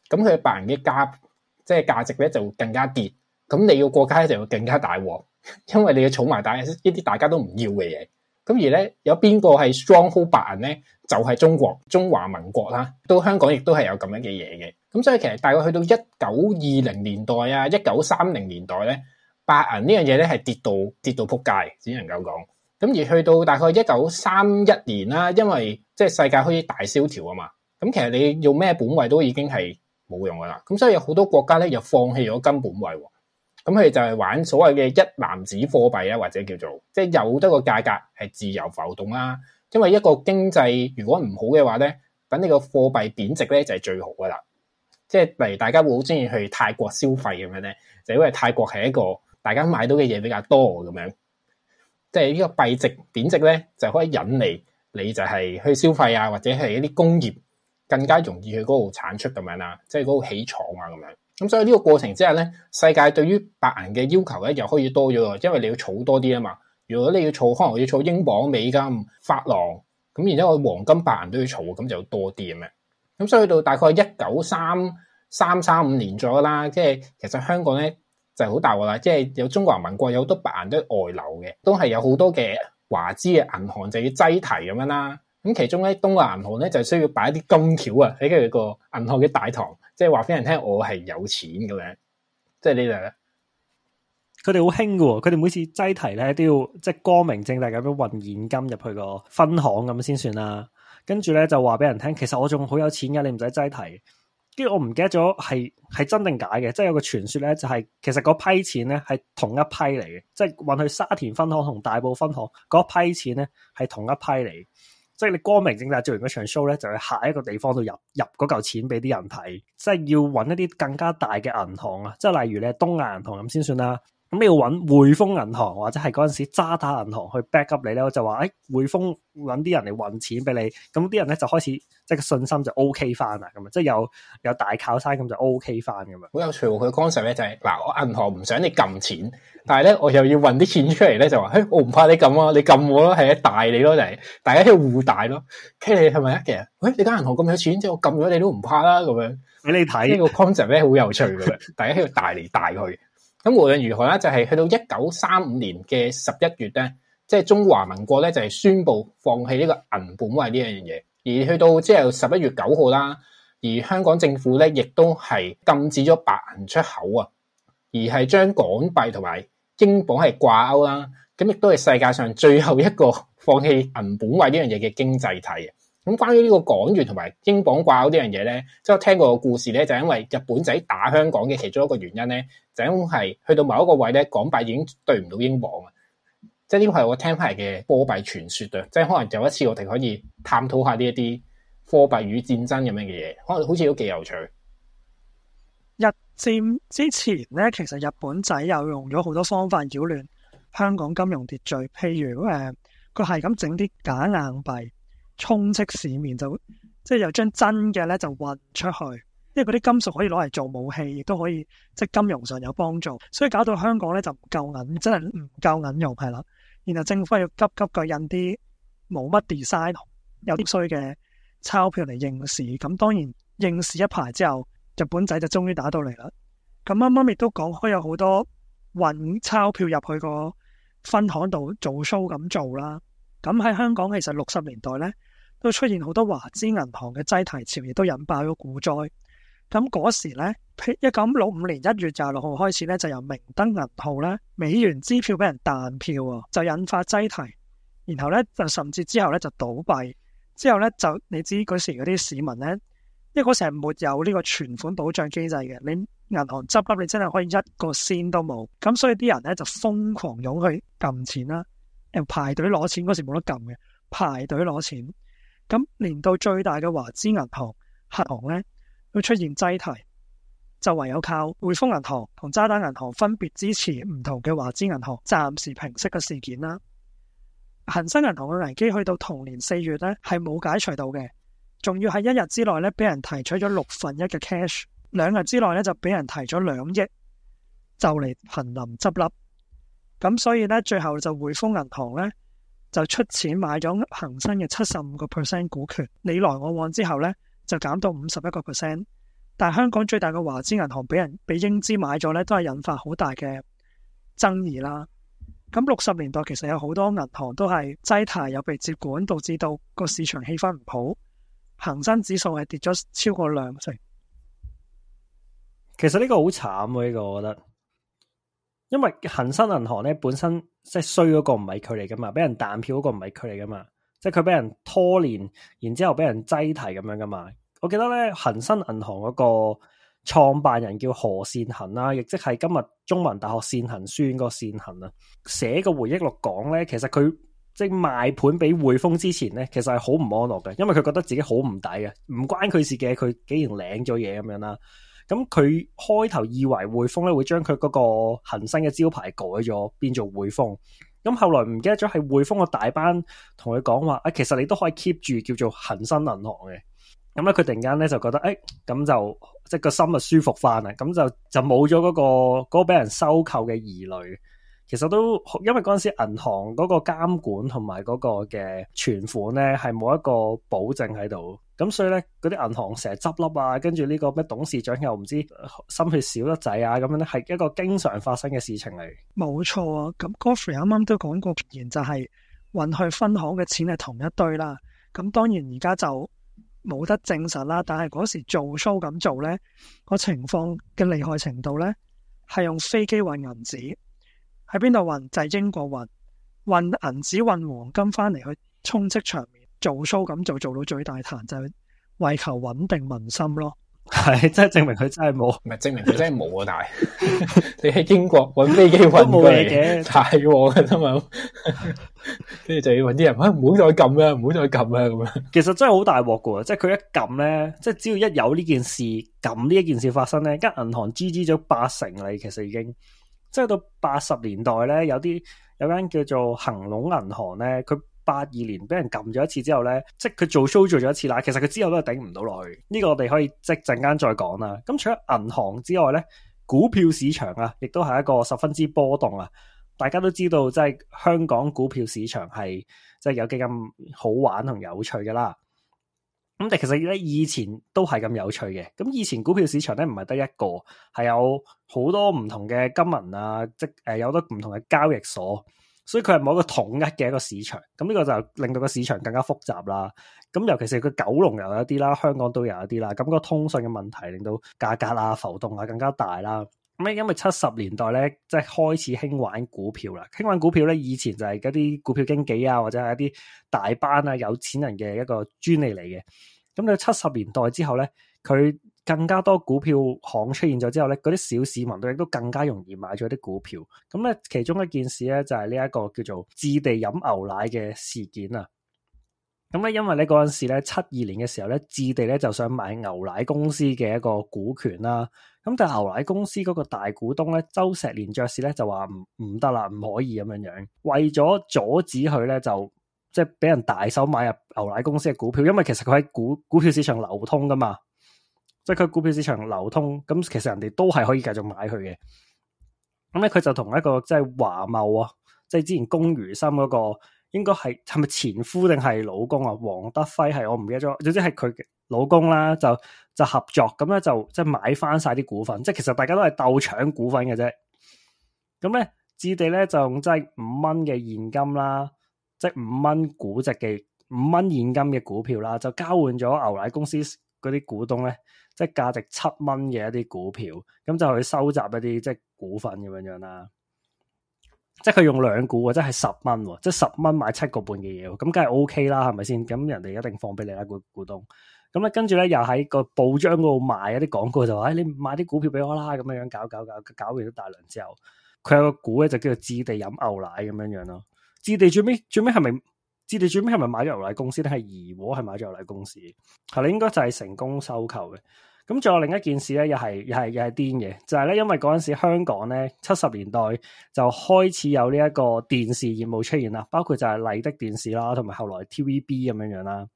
Speaker 2: 咁佢白銀嘅價即係價值咧就會更加跌。咁你個國家就會更加大鑊，因為你嘅儲埋大一啲大家都唔要嘅嘢。咁而咧有邊個係 strong hold 白銀咧？就係、是、中國、中華民國啦，到香港亦都係有咁樣嘅嘢嘅。咁所以其實大概去到一九二零年代啊，一九三零年代咧，白銀呢樣嘢咧係跌到跌到撲街，只能夠講。咁而去到大概一九三一年啦、啊，因為即係世界開始大蕭條啊嘛。咁其實你用咩本位都已經係冇用噶啦。咁所以有好多國家咧又放棄咗金本位、啊，咁佢就係玩所謂嘅一籃子貨幣啊，或者叫做即係有得個價格係自由浮動啦、啊。因為一個經濟如果唔好嘅話咧，等你個貨幣貶值咧就係、是、最好噶啦。即係嚟，例如大家會好中意去泰國消費咁樣咧，就因為泰國係一個大家買到嘅嘢比較多咁樣。即係呢個幣值貶值咧，就可以引嚟，你就係去消費啊，或者係一啲工業更加容易去嗰度產出咁樣啦。即係嗰度起廠啊咁樣。咁所以呢個過程之下咧，世界對於白銀嘅要求咧又可以多咗，因為你要儲多啲啊嘛。如果你要儲，可能要儲英鎊、美金、法郎，咁然之後黃金、白銀都要儲，咁就多啲咁樣。咁所以到大概一九三三三五年左右啦，即係其實香港咧就好大鑊啦，即係有中華民國有好多白銀都外流嘅，都係有好多嘅華資嘅銀行就要擠提咁樣啦。咁其中咧，東亞銀行咧就需要擺一啲金條啊喺佢個銀行嘅大堂，即係話俾人聽我係有錢咁樣，即係呢度。
Speaker 1: 佢哋好興嘅，佢哋每次擠提咧都要即係、就是、光明正大咁樣運現金入去個分行咁先算啦。跟住咧就話俾人聽，其實我仲好有錢㗎，你唔使擠提。跟住我唔記得咗係係真定假嘅，即係有個傳說咧、就是，就係其實嗰批錢咧係同一批嚟嘅，即係運去沙田分行同大埔分行嗰批錢咧係同一批嚟，即係你光明正大做完嗰場 show 咧，就去下一個地方度入入嗰嚿錢俾啲人睇，即係要揾一啲更加大嘅銀行啊，即係例如咧東亞銀行咁先算啦。咁你要揾匯豐銀行或者係嗰陣時渣打銀行去 back up 你咧，我就話誒、哎、匯豐揾啲人嚟運錢俾你，咁啲人咧就開始即係信心就
Speaker 2: O K 翻啦，咁啊即係有有大靠山咁就 O K 翻咁啊。好有趣喎！佢個 concept 咧就係、是、嗱，我銀行唔想你撳錢，但係咧我又要運啲錢出嚟咧，就話誒我唔怕你撳啊，你撳我咯，係大你咯，就係大家喺度互大咯。K 你係咪一嘅？喂、欸，你間銀行咁有錢，即係我撳咗你都唔怕啦，咁樣俾你睇看呢個 concept 咧好有趣嘅， 大家喺度大嚟大去。 咁無論如何啦，就係、是、去到一九三五年嘅十一月咧，即係中華民國咧就係、是、宣布放棄呢個銀本位呢樣嘢，而去到之後十一月九號啦，而香港政府咧亦都係禁止咗白銀出口啊，而係將港幣同埋英鎊係掛鈎啦，咁亦都係世界上最後一個放棄銀本位呢樣嘢嘅經濟體啊。咁關於呢個港元同埋英鎊掛鈎呢樣嘢咧，即係我聽過個故事咧，就係因為日本仔打香港嘅其中一個原因咧，就係去到某一個位咧，港幣已經兌唔到英鎊啊！即係呢個係我聽翻嚟嘅貨幣傳說嘅，即係可能有一次我哋可以探討下呢一啲貨幣與戰爭咁樣嘅嘢，可能好似都幾有趣。日戰之前咧，
Speaker 3: 其實日本仔有用咗好多方法擾亂香港金融秩序，譬如誒，佢係咁整啲假硬幣。充斥市面就即係又將真嘅咧就運出去，因為嗰啲金屬可以攞嚟做武器，亦都可以即係金融上有幫助，所以搞到香港咧就唔夠銀，真係唔夠銀用係啦。然後政府又要急急腳印啲冇乜 design、有啲衰嘅鈔票嚟應市。咁當然應市一排之後，日本仔就終於打到嚟啦。咁啱啱亦都講開有好多運鈔票入去個分行度做 show 咁做啦。咁喺香港，其實六十年代呢都出現好多華資銀行嘅擠提潮，亦都引爆咗股災。咁嗰時咧，一九六五年一月廿六號開始呢，就由明登銀號呢美元支票俾人彈票啊，就引發擠提，然後呢，就甚至之後呢，就倒閉。之後呢，就你知嗰時嗰啲市民呢，因為嗰時係沒有呢個存款保障機制嘅，你銀行執笠，你真係可以一個仙都冇。咁所以啲人呢，就瘋狂湧去撳錢啦。誒，排隊攞錢嗰時冇得撳嘅，排隊攞錢，咁年度最大嘅華資銀行客行呢，都出現擠提，就唯有靠匯豐銀行同渣打銀行分別支持唔同嘅華資銀行，暫時平息嘅事件啦。恒生銀行嘅危機去到同年四月呢，係冇解除到嘅，仲要喺一日之內呢俾人提取咗六分一嘅 cash，兩日之內呢就俾人提咗兩億，就嚟瀕臨執笠。咁所以咧，最後就匯豐銀行咧就出錢買咗恒生嘅七十五個 percent 股權，你來我往之後咧就減到五十一個 percent。但香港最大嘅華資銀行俾人俾英資買咗咧，都係引發好大嘅爭議啦。咁六十年代其實有好多銀行都係擠提有被接管，導致到個市場氣氛唔好，恒生指數係跌咗超過兩成。
Speaker 1: 其實呢個好慘啊！呢個我覺得。因為恒生銀行咧本身即係衰嗰個唔係佢嚟噶嘛，俾人彈票嗰個唔係佢嚟噶嘛，即係佢俾人拖累，然之後俾人擠提咁樣噶嘛。我記得咧恒生銀行嗰個創辦人叫何善衡啦，亦即係今日中文大學善衡書院個善衡啊，寫個回憶錄講咧，其實佢即係賣盤俾滙豐之前咧，其實係好唔安樂嘅，因為佢覺得自己好唔抵嘅，唔關佢事嘅，佢竟然領咗嘢咁樣啦。咁佢開頭以為匯豐咧會將佢嗰個恒生嘅招牌改咗，變做匯豐。咁後來唔記得咗係匯豐個大班同佢講話，啊，其實你都可以 keep 住叫做恒生銀行嘅。咁咧佢突然間咧就覺得，誒、哎，咁就即係個心啊舒服翻，啊，咁就就冇咗嗰個嗰、嗰個俾人收購嘅疑慮。其實都因為嗰陣時銀行嗰個監管同埋嗰個嘅存款咧係冇一個保證喺度。咁所以咧，啲銀行成日執笠啊，跟住呢個咩董事長又唔知、呃、心血少得滯啊，咁樣咧係一個
Speaker 3: 經常發生嘅事情嚟。冇錯啊，咁 Godfrey 啱啱都講過，然就係運去分行嘅錢係同一堆啦。咁當然而家就冇得證實啦，但係嗰時做 show 咁做咧，個情況嘅厲害程度咧，係用飛機運銀紙喺邊度運就係、是、英國運，運銀紙運，運，銀紙運黃金翻嚟去充斥場面。做 show 咁做做到最大彈就係、為求穩
Speaker 2: 定民心咯，係即係證明佢真係冇，唔係證明佢真係冇啊！大，你喺英國搵飛機搵都冇嘢嘅，太禍嘅啫嘛，跟
Speaker 1: 住 就要搵啲人唔好、哎、再撳啦，唔好再撳啦咁樣。 其實真係好大鑊噶，即係佢一撳咧，即係只要一有呢件事撳呢一件事發生咧，間銀行支支咗八成你其實已經即係到八十年代咧，有啲有間叫做恒隆銀行咧，佢。八二年俾人撳咗一次之後呢，即係佢做 show 做咗一次啦。其實佢之後都係頂唔到落去。呢個我哋可以即係陣間再講啦。咁除咗銀行之外呢，股票市場啊，亦都係一個十分之波動啊。大家都知道，即係香港股票市場係即係有幾咁好玩同有趣噶啦。咁但其實呢，以前都係咁有趣嘅。咁以前股票市場呢，唔係得一個，係有好多唔同嘅金融啊，即係誒呃有得唔同嘅交易所。所以佢係某一個統一嘅一個市場，咁呢個就令到個市場更加複雜啦。咁尤其是佢九龍又有一啲啦，香港都有一啲啦。咁個通訊嘅問題令到價格啊浮動啊更加大啦。咁因為七十年代咧，即係開始興玩股票啦。興玩股票咧，以前就係一啲股票經紀啊，或者係一啲大班啊，有錢人嘅一個專利嚟嘅。咁到七十年代之後咧，佢。更加多股票行出現咗之後咧，嗰啲小市民都亦都更加容易買咗啲股票。咁咧，其中一件事咧就係呢一個叫做置地飲牛奶嘅事件啊。咁咧，因為咧嗰陣時咧，七二年嘅時候咧，置地咧就想買牛奶公司嘅一個股權啦。咁但係牛奶公司嗰個大股東咧，周錫年爵士咧，就話唔，唔得啦，唔可以咁樣樣。為咗阻止佢咧，就即係俾人大手買入牛奶公司嘅股票，因為其實佢喺股股票市場流通噶嘛。即係佢股票市場流通，咁其實人哋都係可以繼續買佢嘅。咁、嗯、咧，佢就同一個即係華懋啊，即係之前工余心嗰、那個，應該係係咪前夫定係老公啊？王德輝係我唔記得咗，總之係佢老公啦，就就合作，咁咧就即係買翻晒啲股份，即係其實大家都係鬥搶股份嘅啫。咁咧置地咧就用即係五蚊嘅現金啦，即係五蚊股值嘅五蚊現金嘅股票啦，就交換咗牛奶公司。嗰啲股東咧，即係價值七蚊嘅一啲股票，咁就去收集一啲即係股份咁樣樣啦。即係佢用兩股喎，即係十蚊喎，即係十蚊買七個半嘅嘢喎，咁梗係 OK 啦，係咪先？咁人哋一定放俾你啦，個股東。咁咧跟住咧又喺個報章嗰度賣一啲廣告就，就、哎、話，誒你買啲股票俾我啦，咁樣樣搞搞搞，搞完咗大量之後，佢有個股咧就叫做置地飲牛奶咁樣樣咯。置地最尾最尾係咪？置地最尾係咪買咗牛奶公司咧？係怡和係買咗牛奶公司，係你應該就係成功收購嘅。咁仲有另一件事咧，又係又係又係癲嘅，就係咧，因為嗰陣時香港咧七十年代就開始有呢一個電視業務出現啦，包括就係麗的電視啦，同埋後來 TVB 咁樣樣啦。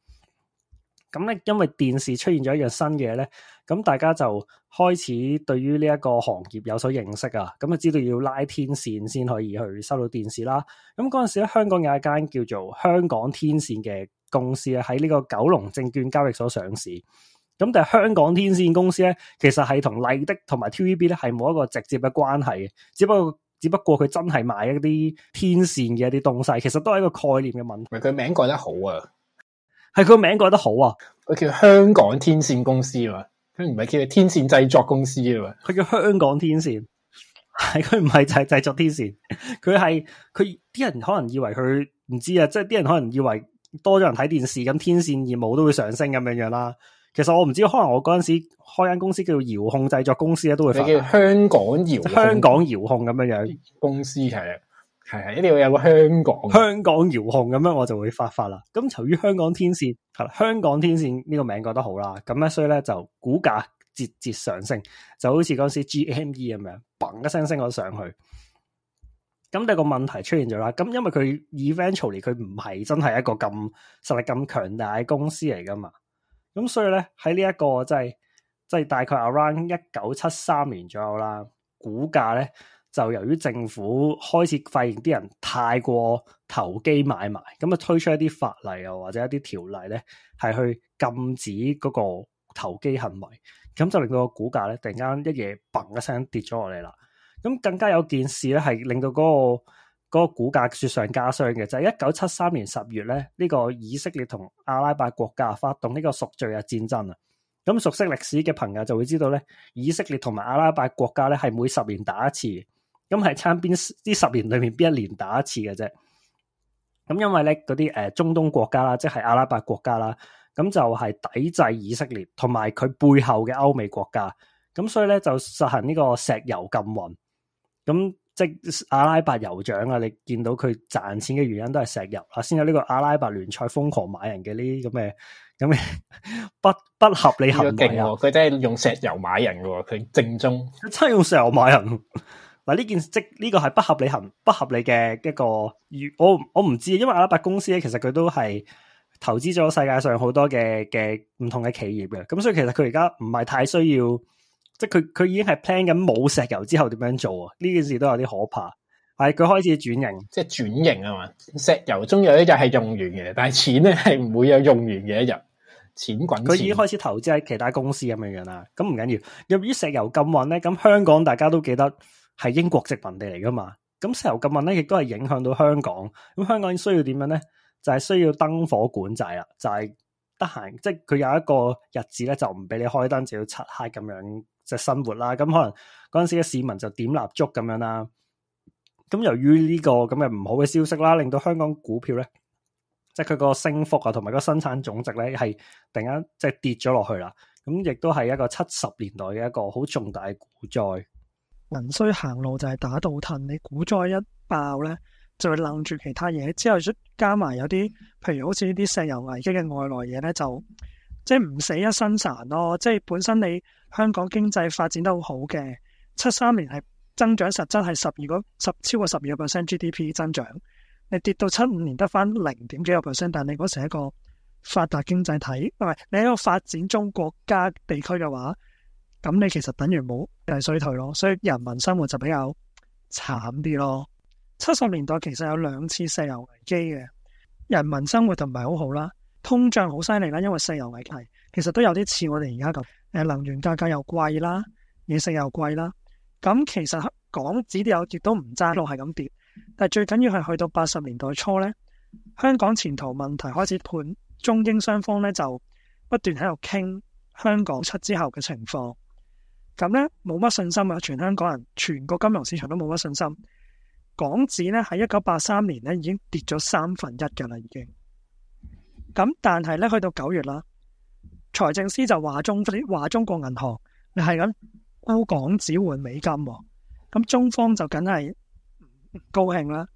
Speaker 1: 咁咧，因為電視出現咗一樣新嘢咧。咁大家就開始對於呢一個行業有所認識啊，咁啊知道，要拉天綫先可以去收到電視啦。咁嗰陣時咧，香港有一間叫做香港天綫嘅公司咧、啊，喺呢個九龍證券交易所上市。咁但係香港天綫公司咧，其實係同麗的同埋 TVB 咧係冇一個直接嘅關係嘅，只不過只不過佢真係買一啲天綫嘅一啲東西，其實都係一個概念
Speaker 2: 嘅問題。佢名改得好啊，係佢個名改得好啊，佢叫香港天綫公司啊嘛。佢唔係叫天線製作公司啊嘛，佢叫香港天線，
Speaker 1: 係佢唔係就製作天線，佢係佢啲人可能以為佢唔知啊，即係啲人可能以為多咗人睇電視，咁天線業務都會上升咁樣樣啦。其實我唔知，可能我嗰陣時開間公司叫做遙控製作公司咧，都會發你叫香港遙香港遙控咁樣樣公司係。係一定要有個香港香港遙控咁樣，我就會發發啦。咁由於香港天線係啦，香港天線呢個名覺得好啦，咁咧所以咧就股價節節上升，就好似嗰時 GME 咁樣，嘣一聲升咗上去。咁但係個問題出現咗啦，咁因為佢 eventually 佢唔係真係一個咁實力咁強大嘅公司嚟噶嘛。咁所以咧喺呢一個即係即係大概 around 一九七三年左右啦，股價咧。就由於政府開始發現啲人太過投機買賣，咁啊推出一啲法例啊，或者一啲條例咧，係去禁止嗰個投機行為，咁就令到個股價咧，突然間一夜砰一聲跌咗落嚟啦。咁更加有件事咧，係令到嗰個嗰個股價雪上加霜嘅，就係一九七三年十月咧，呢個以色列同阿拉伯國家發動呢個贖罪日戰爭啊。咁熟悉歷史嘅朋友就會知道咧，以色列同埋阿拉伯國家咧係每十年打一次。咁係參邊呢十年裏面邊一年打一次嘅啫。咁、嗯、因為咧嗰啲誒中東國家啦，即係阿拉伯國家啦，咁、嗯、就係、是、抵制以色列同埋佢背後嘅歐美國家。咁、嗯、所以咧就實行呢個石油禁運。咁、嗯、即係阿拉伯酋長啊，你見到佢賺錢嘅原因都係石油啦，先有呢個阿拉伯聯賽瘋狂買人嘅呢啲咁嘅咁嘅不不合理行徑，啊。佢都係用石油買人嘅，佢正宗。佢真係用石油買人。 嗱，呢件即呢、呢個係不合理行不合理嘅一個，我我唔知，因為阿拉伯公司咧，其實佢都係投資咗世界上好多嘅嘅唔同嘅企業嘅，咁、嗯、所以其實佢而家唔係太需要，即佢佢已經係 plan 緊冇石油之後點樣做
Speaker 2: 啊？呢件事都有啲可怕。係佢開始轉型，即轉型啊嘛，石油中有啲就係用完嘅，但係錢咧係唔會有用完嘅一日，錢滾錢。佢已經開始投資喺其
Speaker 1: 他公司咁樣樣啦，咁唔緊要。入依石油禁運咧，咁香港大家都記得。係英國殖民地嚟噶嘛？咁石油禁運咧，亦都係影響到香港。咁香港需要點樣咧？就係、是、需要燈火管制啦，就係得閒，即係佢有一個日子咧，就唔俾你開燈，就要漆黑咁樣即係生活啦。咁可能嗰陣時嘅市民就點蠟燭咁樣啦。咁由於呢個咁嘅唔好嘅消息啦，令到香港股票咧，即係佢個升幅啊，同埋個生產總值咧，係突然間即係跌咗落去啦。咁亦都係一個七十年代嘅一個好重大嘅股災。
Speaker 3: 人衰行路就係打倒騰，你股災一爆呢，就會楞住其他嘢。之後加埋有啲，譬如好似呢啲石油危機嘅外來嘢呢，就即係唔死一身潺咯。即係本身你香港經濟發展得好好嘅，七三年係增長實質係十二個十超過十二個 percent GDP 增長，你跌到七五年得翻零點幾個 percent。但你嗰時係一個發達經濟體，唔係，你係一個發展中國家地區嘅話。咁你其實等於冇係衰退咯，所以人民生活就比較慘啲咯。七十年代其實有兩次石油危機嘅，人民生活就唔係好好啦，通脹好犀利啦，因為石油危機，其實都有啲似我哋而家咁，誒能源價格又貴啦，嘢食又貴啦。咁其實港紙有亦都唔爭落，係咁跌。但係最緊要係去到八十年代初呢，香港前途問題開始判，中英雙方呢就不斷喺度傾香港七之後嘅情況。咁咧冇乜信心啊！全香港人，全個金融市場都冇乜信心。港紙咧喺一九八三年咧已經跌咗三分一嘅啦，已經。咁但係咧去到九月啦，財政司就話中話中國銀行，你係咁沽港紙換美金喎。咁中方就梗係唔高興啦。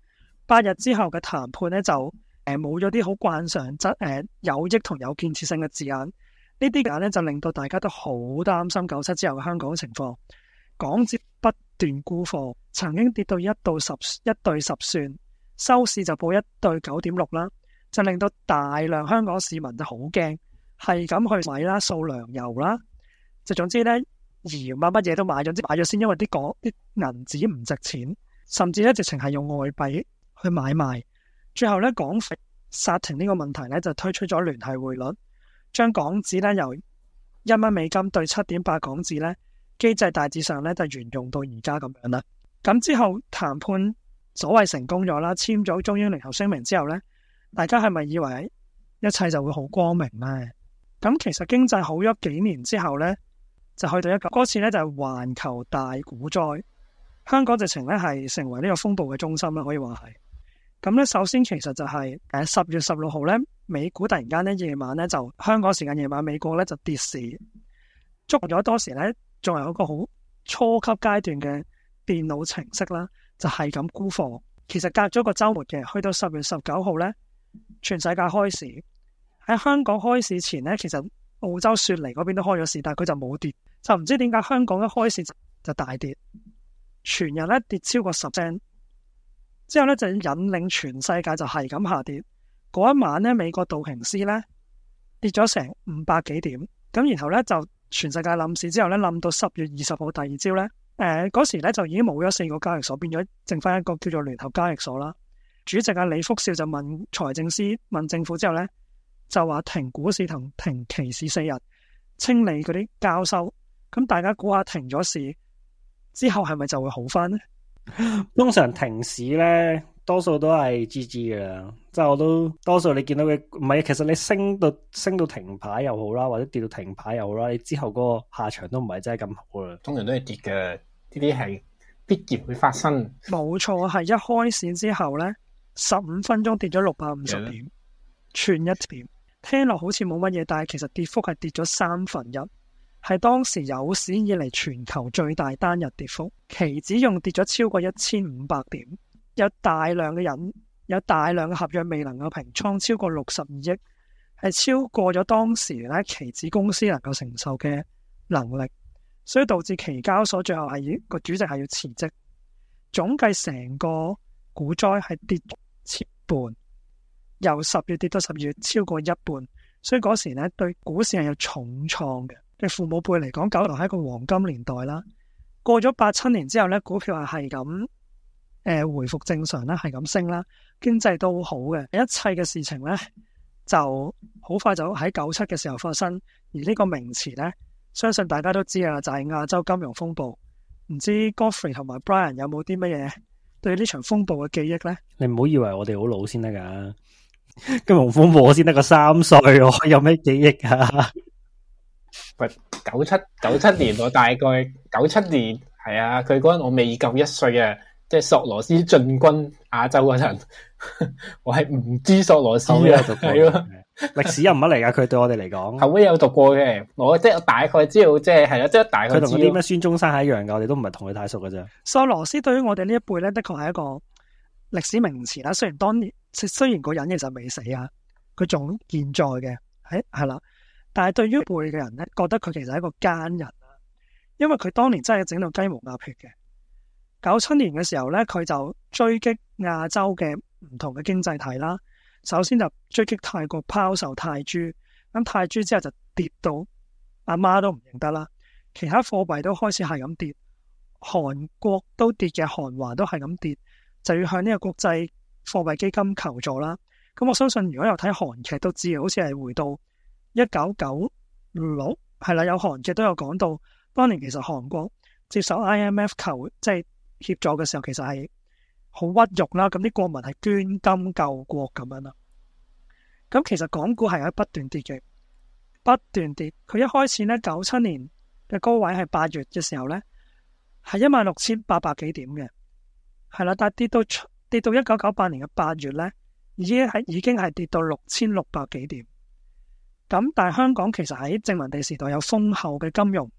Speaker 3: 八日之後嘅談判咧就誒冇咗啲好慣常即係誒有益同有建設性嘅字眼。呢啲嘢呢就令到大家都好擔心九七之後嘅香港情況，港紙不斷沽貨，曾經跌到一到十一對十算，收市就報一對九點六啦，就令到大量香港市民就好驚，係咁去買啦，掃糧油啦，就總之呢，鹽、乜乜嘢都買，總之買咗先，因為啲港啲銀紙唔值錢，甚至呢直情係用外幣去買賣，最後呢，港幣殺停呢個問題呢，就推出咗聯繫匯率。將港紙咧由一蚊美金兌七點八港紙咧機制大致上咧就沿用到而家咁樣啦。咁之後談判所謂成功咗啦，簽咗中英聯合聲明之後咧，大家係咪以為一切就會好光明呢？咁其實經濟好咗幾年之後咧，就去到一個嗰次咧就係環球大股災，香港直情咧係成為呢個風暴嘅中心啦，可以話係。咁咧，首先其實就係誒十月十六號咧。美股突然間咧，夜晚咧就香港時間夜晚，美國咧就跌市，捉咗當時咧仲有一個好初級階段嘅電腦程式啦，就係咁沽貨。其實隔咗個周末嘅，去到十月十九號咧，全世界開市。喺香港開市前咧，其實澳洲雪梨嗰邊都開咗市，但係佢就冇跌，就唔知點解香港一開市就大跌，全日咧跌超過十 percent，之後咧就引領全世界就係咁下跌。嗰一晚咧，美國道瓊斯咧跌咗成五百幾點，咁然後咧就全世界冧市之後咧，冧到十月二十號第二朝咧，誒、呃、嗰時咧就已經冇咗四個交易所，變咗剩翻一個叫做聯合交易所啦。主席阿李福兆就問財政司問政府之後咧，就話停股市同停期市四日，清理嗰啲交收。咁、嗯、大家估下停咗市之後係咪就會好翻呢？通常停
Speaker 1: 市咧。多數都係 G G 嘅啦，即係我都多數你見到嘅唔係，其實你升到升到停牌又好啦，或者跌到停牌又好啦，你
Speaker 2: 之後個下場都唔係真係咁好啦，通常都係跌嘅，呢啲係必然會發生。
Speaker 3: 冇錯，係一開市之後呢，十五分鐘跌咗六百五十點，串一點，聽落好似冇乜嘢，但係其實跌幅係跌咗三分一，係當時有史以嚟全球最大單日跌幅，期指用跌咗超過一千五百點。有大量嘅人，有大量嘅合約未能夠平倉，超過六十二億，係超過咗當時咧，期指公司能夠承受嘅能力，所以導致期交所最後係個主席係要辭職。總計成個股災係跌切半，由十月跌到十二月超過一半，所以嗰時咧對股市係有重創嘅。對父母輩嚟講，九零係一個黃金年代啦。過咗八七年之後咧，股票係係咁。誒，回復正常啦，係咁升啦，經濟都好嘅，一切嘅事情咧就好快就喺九七嘅時候發生，而呢個名詞咧，相信大家都知啊，就係亞洲金融風暴。唔知 Godfrey 同埋 Brian 有冇啲乜嘢對呢場風暴嘅記憶咧？
Speaker 1: 你唔好以為我哋好老先得噶，金融風暴我先得個三歲，有咩記憶啊？
Speaker 2: 唔 九七九七年，我大概 九七年係啊，佢嗰陣我未夠一歲啊。即係索羅斯進軍亞洲嗰陣， 我係唔知索羅斯嘅。係
Speaker 1: 咯，歷史人物嚟噶，佢對我哋嚟講，後
Speaker 2: 尾有讀過嘅。 我即係大
Speaker 3: 概知道，即係係啦，即係大概同啲咩孫
Speaker 1: 中山係一樣噶。我哋都唔係同佢太熟噶啫，
Speaker 3: 索羅斯對於我哋呢一輩咧，的確係一個歷史名詞啦。雖然當年雖然個人其實未死啊，佢仲健在嘅，係係啦。但係對於輩嘅人咧，覺得佢其實係一個奸人啦，因為佢當年真係整到雞毛鴨血嘅。九七年嘅時候咧，佢就追擊亞洲嘅唔同嘅經濟體啦。首先就追擊泰國拋售泰銖，咁泰銖之後就跌到阿媽都唔認得啦。其他貨幣都開始係咁跌，韓國都跌嘅，韓華都係咁跌，就要向呢個國際貨幣基金求助啦。咁我相信，如果有睇韓劇都知，好似係回到一九九六係啦，有韓劇都有講到，當年其實韓國接受 IMF 求，即係。協助嘅時候，其實係好屈辱啦。咁啲國民係捐金救國咁樣啦。咁其實港股係喺不斷跌嘅，不斷跌。佢一開始咧，九七年嘅高位係八月嘅時候咧，係一萬六千八百幾點嘅，係啦。但係跌到跌到一九九八年嘅八月咧，已經係已經係跌到六千六百幾點。咁但係香港其實喺殖民地時代有豐厚嘅金融，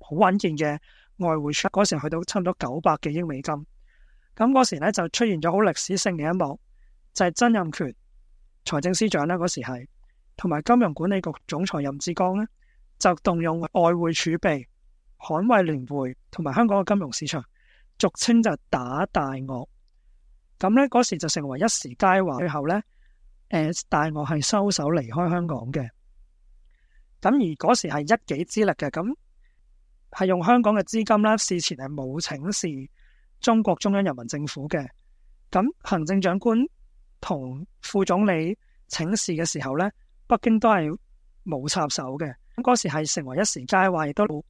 Speaker 3: 好穩健嘅。外匯出嗰時去到差唔多九百幾億美金，咁嗰時咧就出現咗好歷史性嘅一幕，就係曾蔭權財政司長咧嗰時係，同埋金融管理局總裁任志剛咧，就動用外匯儲備捍衛聯匯同埋香港嘅金融市場，俗稱就打大鱷。咁咧嗰時就成為一時佳話，最後咧，誒大鱷係收手離開香港嘅。咁而嗰時係一己之力嘅咁。係用香港嘅資金咧，事前係冇請示中國中央人民政府嘅。咁行政長官同副總理請示嘅時候咧，北京都係冇插手嘅。咁嗰時係成為一時佳話，亦都誒、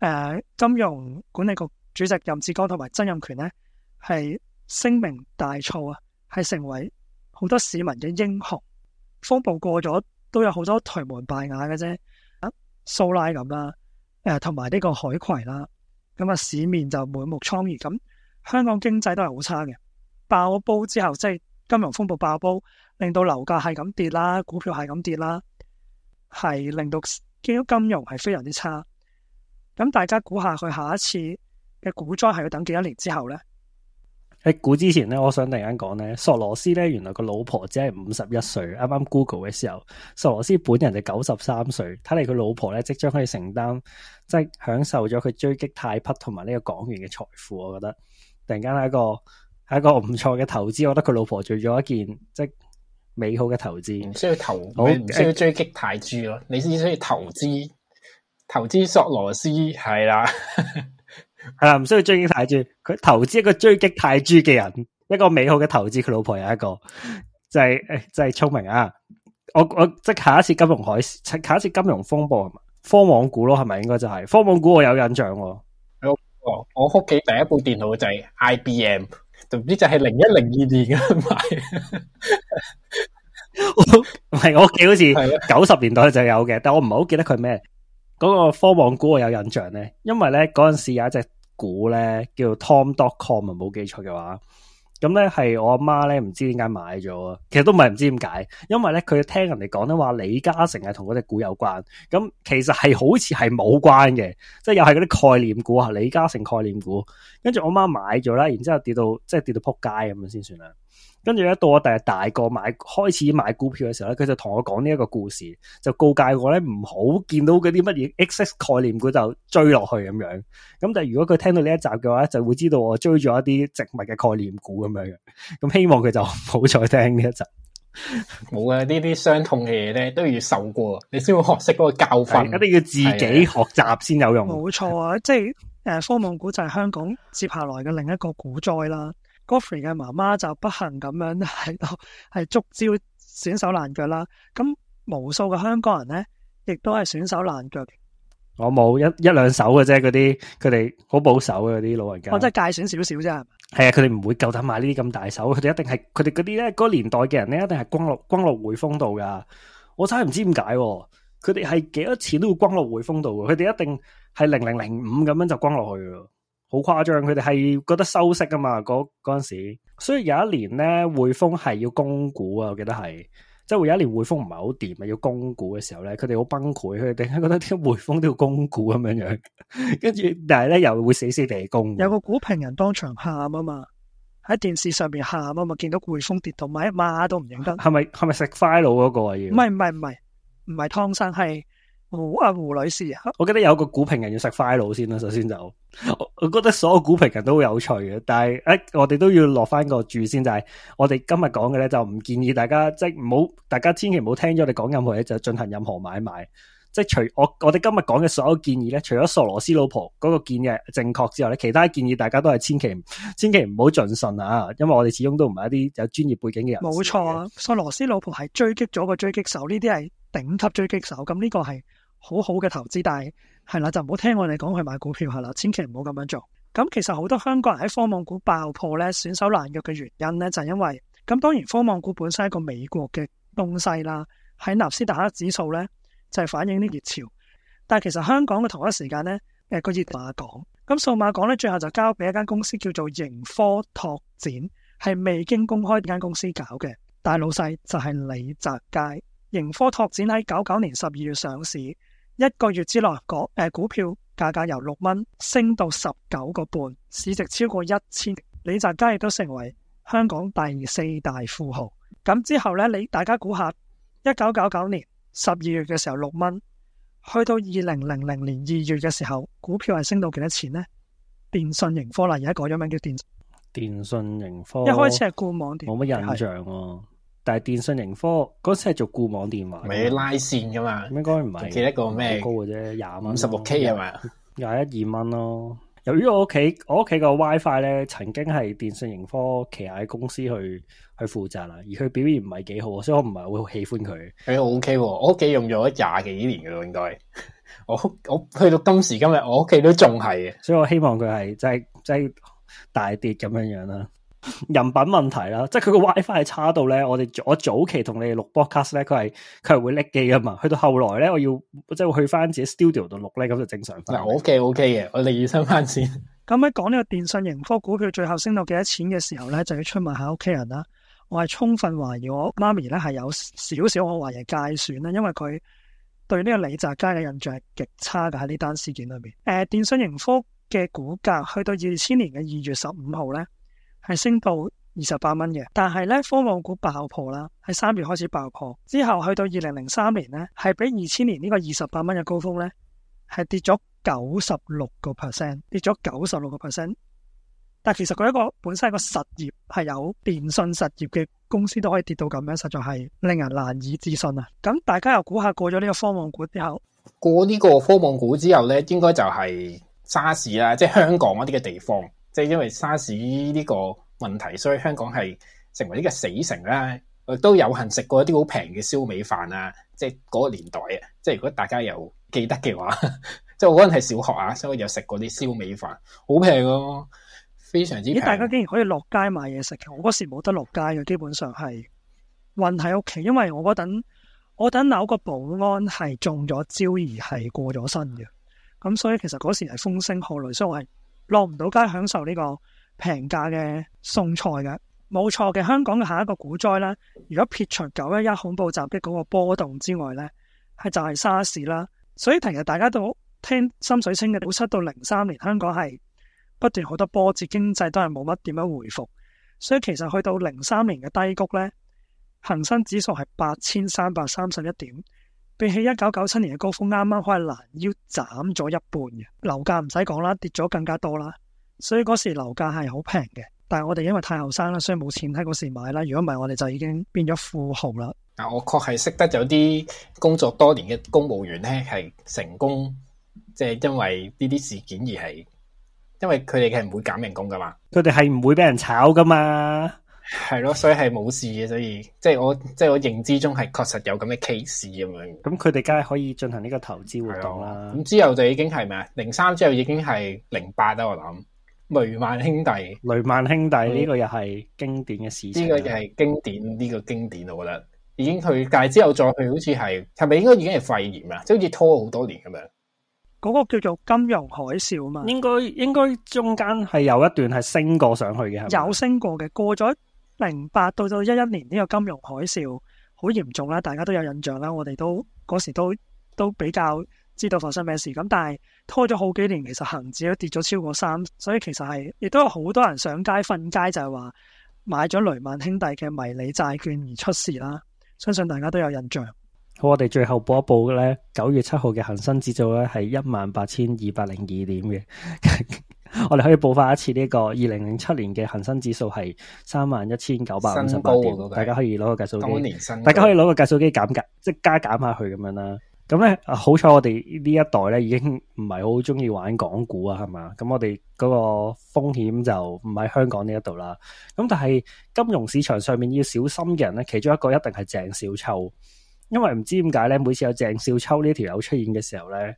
Speaker 3: 呃、金融管理局主席任志剛同埋曾蔭權咧，係聲名大噪啊！係成為好多市民嘅英雄。風暴過咗都有好多頹垣敗瓦嘅啫，蘇拉咁啦、啊。誒，同埋呢個海葵啦，咁啊市面就滿目瘡痍。咁香港經濟都係好差嘅，爆煲之後即係金融風暴爆煲，令到樓價係咁跌啦，股票係咁跌啦，係令到經濟金融係非常之差。咁大家估下，佢下一次嘅股災係要等幾多年之後咧？
Speaker 1: 喺古之前咧，我想突然間講咧，索羅斯咧原來個老婆只係五十一歲，啱啱 Google 嘅時候，索羅斯本人就九十三歲，睇嚟佢老婆咧即將可以承擔，即係享受咗佢追擊泰匹同埋呢個港元嘅財富，我覺得突然間係一個係一個唔錯嘅投資，我覺得佢老婆做咗一件即係美好嘅投資，唔
Speaker 2: 需要投，唔好需要追擊泰銖咯，欸、你只需要投資投資索羅斯係啦。
Speaker 1: 係啦，唔需要追擊泰銖。佢投資一個追擊泰銖嘅人，一個美好嘅投資。佢老婆又一個，就係、是、誒，就係、是、聰明啊！我我即係下一次金融海下一次金融風暴係嘛？科網股咯，係咪應該就係、是、科網股？我有印象、啊。我
Speaker 2: 我屋企第一部電腦就係 I B M，唔知就係零一零二年嘅買
Speaker 1: 我唔係我屋企好似九十年代就有嘅，但我唔係好記得佢咩。嗰個科網股我有印象咧，因為咧嗰陣時有一隻股咧叫 Tom.com，唔係冇記錯嘅話，咁咧係我阿媽咧唔知點解買咗，其實都唔係唔知點解，因為咧佢聽人哋講咧話李嘉誠係同嗰隻股有關，咁其實係好似係冇關嘅，即係又係嗰啲概念股啊，李嘉誠概念股，跟住我媽買咗啦，然之後跌到即係跌到撲街咁樣先算啦。跟住咧，到我第日大個買開始買股票嘅時候咧，佢就同我講呢一個故事，就告誡我咧唔好見到嗰啲乜嘢 XX 概念股就追落去咁樣。咁但係如果佢聽到呢一集嘅話，就會知道我追咗一啲植物嘅概念股咁樣。咁希望佢就唔好再聽呢一集。
Speaker 2: 冇啊，呢啲傷痛嘅嘢咧都要受過，你先會學識嗰個教訓。一定 要自己學習先有用。
Speaker 3: 冇錯啊，即係誒科網股就係香港接下來嘅另一個股災啦。Godfrey 嘅媽媽就不幸咁樣喺度，係逐招選手爛腳啦。咁無數嘅香港人咧，亦都係選手爛腳。
Speaker 1: 我冇一一兩手嘅啫，嗰啲佢哋好保守嘅嗰啲老人家。我真
Speaker 3: 係界選少少啫，
Speaker 1: 係啊，佢哋唔會夠膽買呢啲咁大手，佢哋一定係佢哋嗰啲咧，嗰個年代嘅人咧，一定係光落光落匯豐度㗎。我真係唔知點解，啊，佢哋係幾多錢都會光落匯豐度，佢哋一定係零零零五咁樣就光落去嘅。好誇張，佢哋係覺得收息啊嘛，嗰嗰陣時，所以有一年咧，匯豐係要供股啊，我記得係，即係會有一年匯豐唔係好掂啊，要供股嘅時候咧，佢哋好崩潰，佢哋點解覺得啲匯豐都要供股咁樣樣？跟 住，但係咧又會死死地供，
Speaker 3: 有個股評人當場喊啊嘛，喺電視上邊喊啊嘛，見到匯豐跌到，阿媽都唔認得，係
Speaker 1: 咪係咪食 file 嗰個啊？要，唔係唔
Speaker 3: 係唔係唔係湯生係。好啊，胡女士啊！
Speaker 1: 我記得有個股評人要食花腦先啦，啊，首先就，我覺得所有股評人都好有趣嘅。但係，誒，我哋都要落翻個注先，就係、是、我哋今日講嘅咧，就唔建議大家即係唔好，大家千祈唔好聽咗我哋講任何嘢就進行任何買賣。即係除我，我哋今日講嘅所有建議咧，除咗索羅斯老婆嗰個建議正確之外咧，其他建議大家都係千祈千祈唔好盡信啊，因為我哋始終都唔係一啲有專業背景嘅人。
Speaker 3: 冇錯、啊，索羅斯老婆係狙擊咗個狙擊手，呢啲係頂級狙擊手，咁呢個係。好好嘅投資，但係係啦，就唔好聽我哋講去買股票係啦，千祈唔好咁樣做。咁其實好多香港人喺科網股爆破呢損手爛腳嘅原因呢，就係因為咁。當然科網股本身係一個美國嘅東西啦，喺納斯達克指數呢，就係反映啲熱潮。但係其實香港嘅同一時間呢，誒個數碼港咁數碼港咧，最後就交俾一間公司叫做盈科拓展，係未經公開間公司搞嘅，但係老細就係李澤佳。盈科拓展喺九九年十二月上市。一個月之內，股票價格由六蚊升到十九個半，市值超過一千。李澤楷亦都成為香港第四大富豪。咁之後呢，你大家估下，一九九九年十二月嘅時候六蚊，去到二零零零年二月嘅時候，股票係升到幾多錢呢？電訊盈科啦，而家改咗名叫電。
Speaker 1: 電訊盈科。一開始係固網電。冇乜印象、啊。但係電訊盈科嗰時係做固網電話，咪拉線噶嘛？應該唔係，記得個咩高嘅啫，廿
Speaker 2: 蚊，五十六 K 係咪？廿
Speaker 1: 一二蚊咯。由於 我屋企，我屋企個 WiFi 咧，曾經係電訊盈科旗下嘅公司去去負責啦，而佢表現唔係幾好，
Speaker 2: 所以我唔係會好喜歡佢。誒，O K，我屋企用咗廿幾年嘅咯，應該。 我我去到今時今日，我屋企都仲係嘅， 所以我希望佢係即係即係
Speaker 1: 大跌咁樣樣啦。人品問題啦，即係佢個 WiFi 係差到咧，我哋我早期同你錄 broadcast 咧，佢係佢係會叻機啊嘛，去到後來咧，我要即係去翻自己 studio
Speaker 2: 度錄咧，咁就正常翻。嗱，O K O K 嘅，okay, okay, 我你起身翻先。
Speaker 3: 咁喺講呢個電訊盈科股票最後升到幾多錢嘅時候咧，就要出問下屋企人啦。我係充分懷疑我媽咪咧係有少少我懷疑介損啦，因為佢對呢個李澤楷嘅印象係極差嘅，喺呢單事件裏邊。誒、呃，電訊盈科嘅股價去到二千年嘅二月十五號咧。係升到二十八蚊嘅，但係咧，科網股爆破啦，喺三月開始爆破之後，去到二零零三年咧，係比二千年呢個二十八蚊嘅高峰咧，係跌咗九十六個 percent，跌咗九十六個 percent。但其實佢一個本身係個實業係有電信實業嘅公司都可以跌到咁樣，實在係令人難以置信啊！咁大家又估下過咗呢個科網股之後，
Speaker 2: 過呢個科網股之後咧，應該就係沙士啦，即係香港嗰啲嘅地方。即係因為沙士呢個問題，所以香港係成為呢個死城啦。都有幸食過一啲好平嘅燒味飯啊！即係嗰個年代啊！即係如果大家又記得嘅話， 即係我嗰陣係小學啊，所以有食過啲燒味飯，好平咯，非常之平。大家竟然可以落街買嘢食，我嗰時冇得落街嘅，基本上係運喺
Speaker 3: 屋企。因為我嗰等，我等樓個保安係中咗招而係過咗身嘅，咁所以其實嗰時係風聲鶴唳，所以我係。落唔到街享受呢個平價嘅餸菜嘅，冇錯嘅。香港嘅下一個股災咧，如果撇除九一一恐怖襲擊嗰個波動之外呢，係就係沙士啦。所以平日大家都聽深水清嘅，估測到零三年香港係不斷好多波折，經濟都係冇乜點樣回復。所以其實去到零三年嘅低谷呢，恒生指數係八千三百三十一點。比起一九九七年嘅高峰，啱啱開攔腰斬咗一半嘅樓價，唔使講啦，跌咗更加多啦。所以嗰時樓價係好平嘅，但係我哋因為太後生啦，所以冇錢喺嗰時買啦。如果唔係，我哋就已經變咗富豪
Speaker 2: 啦。嗱，我確係識得有啲工作多年嘅公務員咧，係成功，即係因為呢啲事件而係，因為佢哋係唔會減人工噶嘛，
Speaker 1: 佢哋係唔會俾人炒噶嘛。
Speaker 2: 係咯，所以係冇事嘅，所以即係我即係我認知中係確實有咁嘅 case 咁樣。咁佢哋梗係可以進行呢個投資活動啦。咁之後就已經係咩啊？零三之後已經係零八啦，我諗雷曼兄弟。雷曼兄弟呢、嗯、個又係經典嘅事。呢個又係經典呢個經典，我覺得已經去，但係之後再去好，好似係係咪應該已經係肺炎啊？即係好似拖好多年咁樣。嗰個叫做金融海嘯啊嘛。應該應該中間係有一段係升
Speaker 1: 過上去嘅，係有
Speaker 3: 升過嘅，過咗。零八到到一一年呢個金融海嘯好嚴重啦，大家都有印象啦。我哋都嗰時都都比較知道發生咩事，咁但係拖咗好幾年，其實恒指都跌咗超過三，所以其實係亦都有好多人上街瞓街，就係話買咗雷曼兄弟嘅迷你債券而出事啦。相信大家都有印象。
Speaker 1: 好，我哋最後補一補嘅咧，九月七號嘅恒生指數咧係一萬八千二百零二點嘅。 我哋可以報番一次呢個二零零七年嘅恒生指數係三萬一千九百五十八點，大家可以攞個計數機，大家可以攞個計數機減減，即加減下去咁樣啦。咁咧好彩我哋呢一代咧已經唔係好中意玩港股啊，係嘛？咁我哋嗰個風險就唔喺香港呢一度啦。咁但係金融市場上面要小心嘅人咧，其中一個一定係鄭少秋，因為唔知點解咧，每次有鄭少秋呢條友出現嘅時候咧。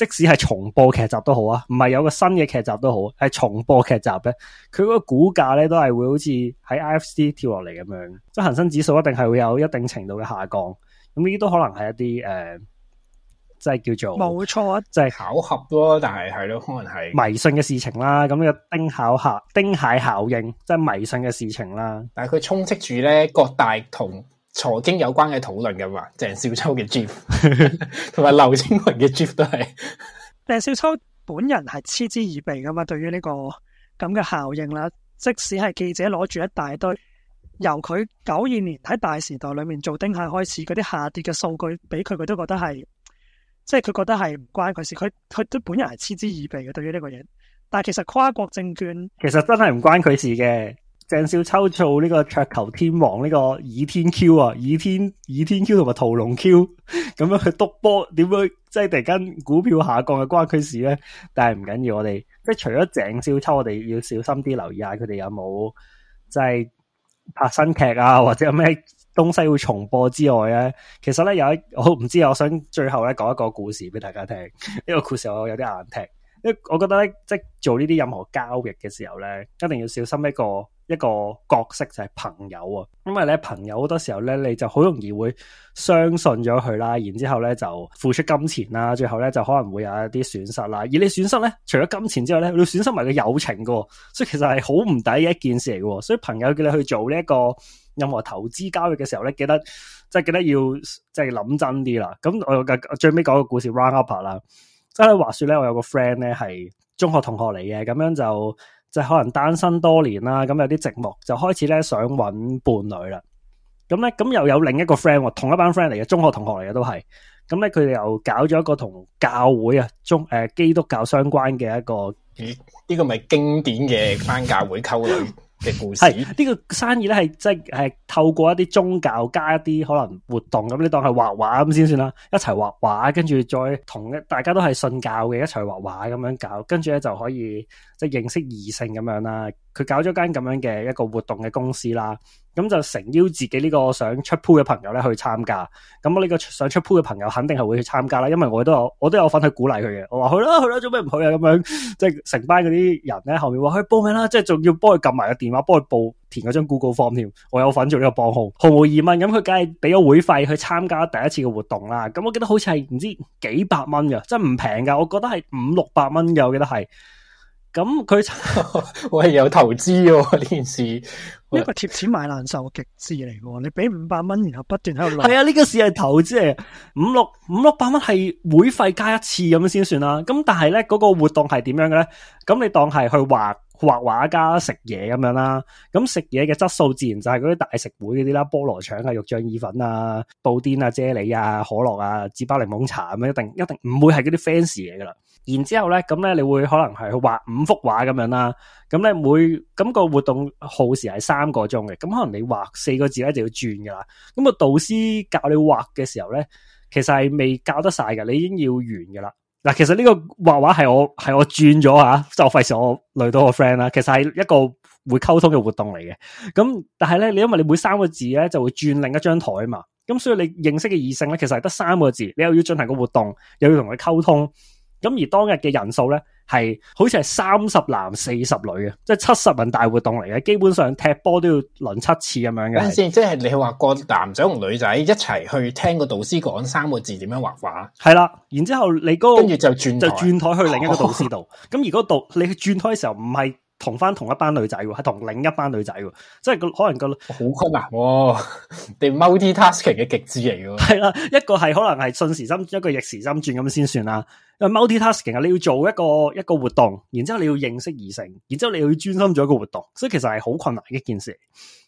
Speaker 1: 即使係重播劇集都好啊，唔係有個新嘅劇集都好，係重播劇集咧，佢嗰個股價咧都係會好似喺 IFC 跳落嚟咁樣，即係恒生指數一定係會有一定程度嘅下降，咁呢啲都可能係一啲誒、呃，即係叫做冇錯啊，錯就係巧
Speaker 2: 合咯，但係係咯，可能係迷
Speaker 1: 信嘅事情啦，咁、嗯、嘅丁巧客丁蟹
Speaker 2: 效應，即係迷信嘅事情啦。但係佢充斥住咧各大同。財經有關嘅討論嘅話，鄭少秋嘅 Jeff 同埋劉青雲嘅 Jeff 都係，
Speaker 3: 鄭少秋本人係嗤之以鼻噶嘛對於呢、呢個咁嘅效應啦，即使係記者攞住一大堆由佢九二年喺大時代裏面做丁蟹開始嗰啲下跌嘅數據俾佢，佢都覺得係即係佢覺得係唔關佢事，佢佢都本人係嗤之以鼻嘅，對於呢個嘢。但係其實跨國證券，
Speaker 1: 其實真係唔關佢事嘅。鄭少秋做呢個桌球天王，呢個倚天 Q 啊，倚天倚天 Q 同埋屠龍 Q 咁樣去督波，點樣即係突然間股票下降嘅關係事咧？但係唔緊要，緊要我，我哋即係除咗鄭少秋，我哋要小心啲留意下佢哋有冇即係拍新劇啊，或者有咩東西會重播之外咧，其實咧有一我唔知我想最後咧講一個故事俾大家聽。呢、這個故事我有啲難聽，因為我覺得咧即係做呢啲任何交易嘅時候咧，一定要小心一個。一個角色就係朋友啊，因為咧朋友好多時候咧，你就好容易會相信咗佢啦，然之後咧就付出金錢啦，最後咧就可能會有一啲損失啦。而你損失咧，除咗金錢之外咧，你要損失埋個友情嘅，所以其實係好唔抵嘅一件事嚟嘅。所以朋友叫你去做呢一個任何投資交易嘅時候咧，記得即係、就是、記得要即係諗真啲啦。咁、就是、我最尾講個故事 round up 啦。即係話説咧，我有個 friend 咧係中學同學嚟嘅，咁樣就。即係可能單身多年啦，咁有啲寂寞，就開始咧想搵伴侶啦。咁咧，咁又有另一個 friend 喎，同一班 friend 嚟嘅，中學同學嚟嘅都係。咁咧，佢哋又搞咗一個同教會啊，中誒、呃、基督教相關嘅一個，呢、
Speaker 2: 呃這個咪經典嘅班教會溝女。 係，
Speaker 1: 呢、這個生意咧，係即係透過一啲宗教加一啲可能活動咁，你當係畫畫咁先算啦，一齊畫畫，跟住再同一大家都係信教嘅一齊畫畫咁樣搞，跟住咧，就可以即係、就是、認識異性咁樣啦。佢搞咗間咁樣嘅一個活動嘅公司啦，咁就誠邀自己呢個想出 pool 嘅朋友咧去參加。咁我呢個想出 pool 嘅朋友肯定係會去參加啦，因為我都有我都有份去鼓勵佢嘅。我話去啦去啦，做咩唔去啊？咁樣即係成班嗰啲人咧，後面話去報名啦，即係仲要幫佢撳埋個電話，幫佢報填嗰張 Google Form 添。我有份做呢個幫號，毫無疑問，咁佢梗係俾咗會費去參加第一次嘅活動啦。咁我記得好似係唔知幾百蚊嘅，真係唔平噶，我覺得係五六百蚊嘅，我記得係。咁佢就係有投資喎呢件事，一個
Speaker 3: 貼錢買難受極致
Speaker 1: 嚟嘅，你俾五百蚊，然後不斷
Speaker 3: 喺度攞。係啊，呢個事係投資嚟，
Speaker 1: 五六五六百蚊係會費加一次咁先算啦。咁但係咧，嗰個活動係點樣嘅咧？咁你當係去畫畫畫家食嘢咁樣啦。咁食嘢嘅質素自然就係嗰啲大食會嗰啲啦，菠蘿腸啊、肉醬意粉啊、布甸啊、啫喱啊、可樂啊、紙包檸檬茶咁樣，一定一定唔會係嗰啲 fans 嘢噶啦。然之後咧，咁咧你會可能係去畫五幅畫咁樣啦，咁咧每咁個活動耗時係三個鐘嘅，咁可能你畫四個字咧就要轉噶啦。咁個導師教你畫嘅時候咧，其實係未教得晒嘅，你已經要完噶啦。嗱，其實呢個畫畫係我係我轉咗吓，就費事我累到我 friend 啦。其實係一個會溝通嘅活動嚟嘅。咁但係咧，你因為你每三個字咧就會轉另一張台嘛，咁所以你認識嘅異性咧，其實係得三個字，你又要進行個活動，又要同佢溝通。咁而當日嘅人數咧係好似係三十男四十女嘅，即係七十人大活動嚟嘅。基本上踢波都要輪
Speaker 2: 七次咁樣嘅。即係你話個男仔同女仔一齊去聽個導師講三個字點樣畫畫。係啦，然之後你嗰跟住就
Speaker 1: 轉就轉台去另一個導師度、哦。咁如果導你轉台嘅時候唔係。同翻同一班女仔喎，係同另一班女仔喎，即係個可能、那個好、哦、困難喎，定 multi-tasking 嘅極致嚟嘅，係啦，一個係可能係順時針，一個逆時針轉咁先算啦。因為 multi-tasking 啊，你要做一個一個活動，然之後你要認識異性，然之後你要專心做一個活動，所以其實係好困難嘅一件事。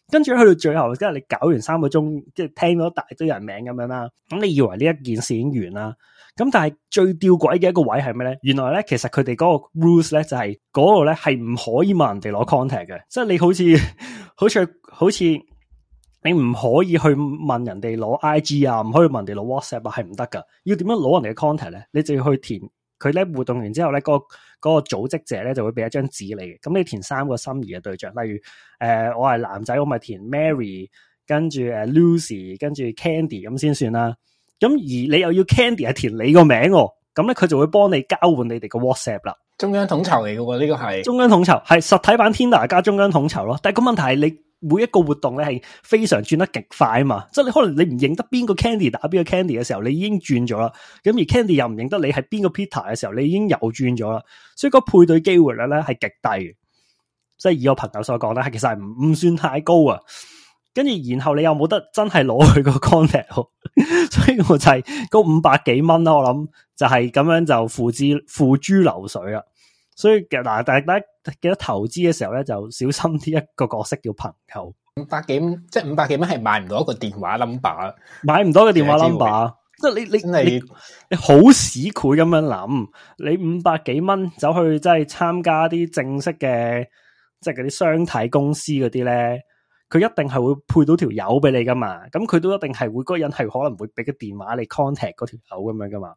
Speaker 1: 跟住去到最後，即係你搞完三個鐘，即係聽到一大堆人名咁樣啦，咁你以為呢一件事已經完啦。咁但係最吊詭嘅一個位係咩咧？原來咧，其實佢哋嗰個 rules 咧，就係嗰度咧係唔可以問人哋攞 contact 嘅，即係你好似好似好似你唔可以去問人哋攞 IG 啊，唔可以問人哋攞 WhatsApp 啊，係唔得噶。要點樣攞人哋嘅 contact 咧？你就要去填佢咧，活動完之後咧，嗰個嗰個組織者咧就會俾一張紙你嘅。咁你填三個心儀嘅對象，例如誒，我係男仔，我咪填 Mary，跟住誒 Lucy，跟住 Candy 咁先算啦。咁而你又要 Candy 係填你個名，咁咧佢就會幫你交換你哋個 WhatsApp 啦。中央統籌嚟嘅喎，呢個係中央統籌，係實體版 Tinder 加中央統籌咯。但係個問題係你每一個活動咧係非常轉得極快啊嘛，即係你可能你唔認得邊個 Candy 打邊個 Candy 嘅時候，你已經轉咗啦。咁而 Candy 又唔認得你係邊個 Peter 嘅時候，你已經又轉咗啦。所以個配對機會率咧係極低嘅。即係以我朋友所講咧，係其實唔唔算太高啊。跟住，然後你又冇得真係攞佢個 contact，所以我就係個五百幾蚊啦。我諗就係咁樣就付之付諸流水啦。所以其實嗱，大家記得投資嘅時候咧，就小心啲。一個角色叫朋友，
Speaker 2: 五百幾即係五百幾蚊，係買唔到一個電話 number，
Speaker 1: 買唔到個電話 number。
Speaker 2: 是即係你你你，
Speaker 1: 你好市儈咁樣諗，你五百幾蚊走去即係參加啲正式嘅，即係嗰啲商體公司嗰啲咧。佢一定係會配到條友俾你噶嘛，咁佢都一定係會嗰個人係可能會俾個電話你 contact 嗰條友咁樣噶嘛，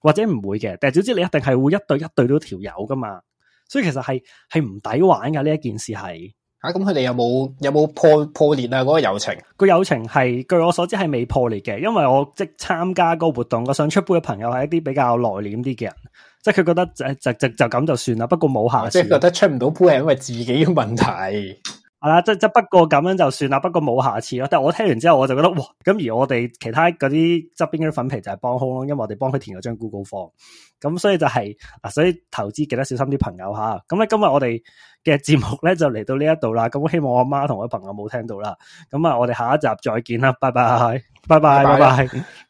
Speaker 1: 或者唔會嘅，但係總之你一定係會一對一對到條友噶嘛，所以其實係係唔抵玩噶呢一件事係嚇，咁佢哋有冇有冇破破裂啊嗰個友情？個友情係據我所知係未破裂嘅，因為我即係參加嗰個活動，我想出杯嘅朋友係一啲比較內斂啲嘅人，即係佢覺得就直就就咁就，就算啦。不過冇下即係覺得出唔到杯係因為自己嘅問題。 係啦，即即不過咁樣就算啦，不過冇下次咯。但係我聽完之後，我就覺得哇，咁而我哋其他嗰啲側邊嗰啲粉皮就係幫兇咯，因為我哋幫佢填咗張 Google 課，咁所以就係、是、嗱，所以投資記得小心啲朋友吓。咁咧今日我哋嘅節目咧就嚟到呢一度啦。咁希望我媽同我朋友冇聽到啦。咁啊，我哋下一集再見啦，拜拜，拜拜，拜拜。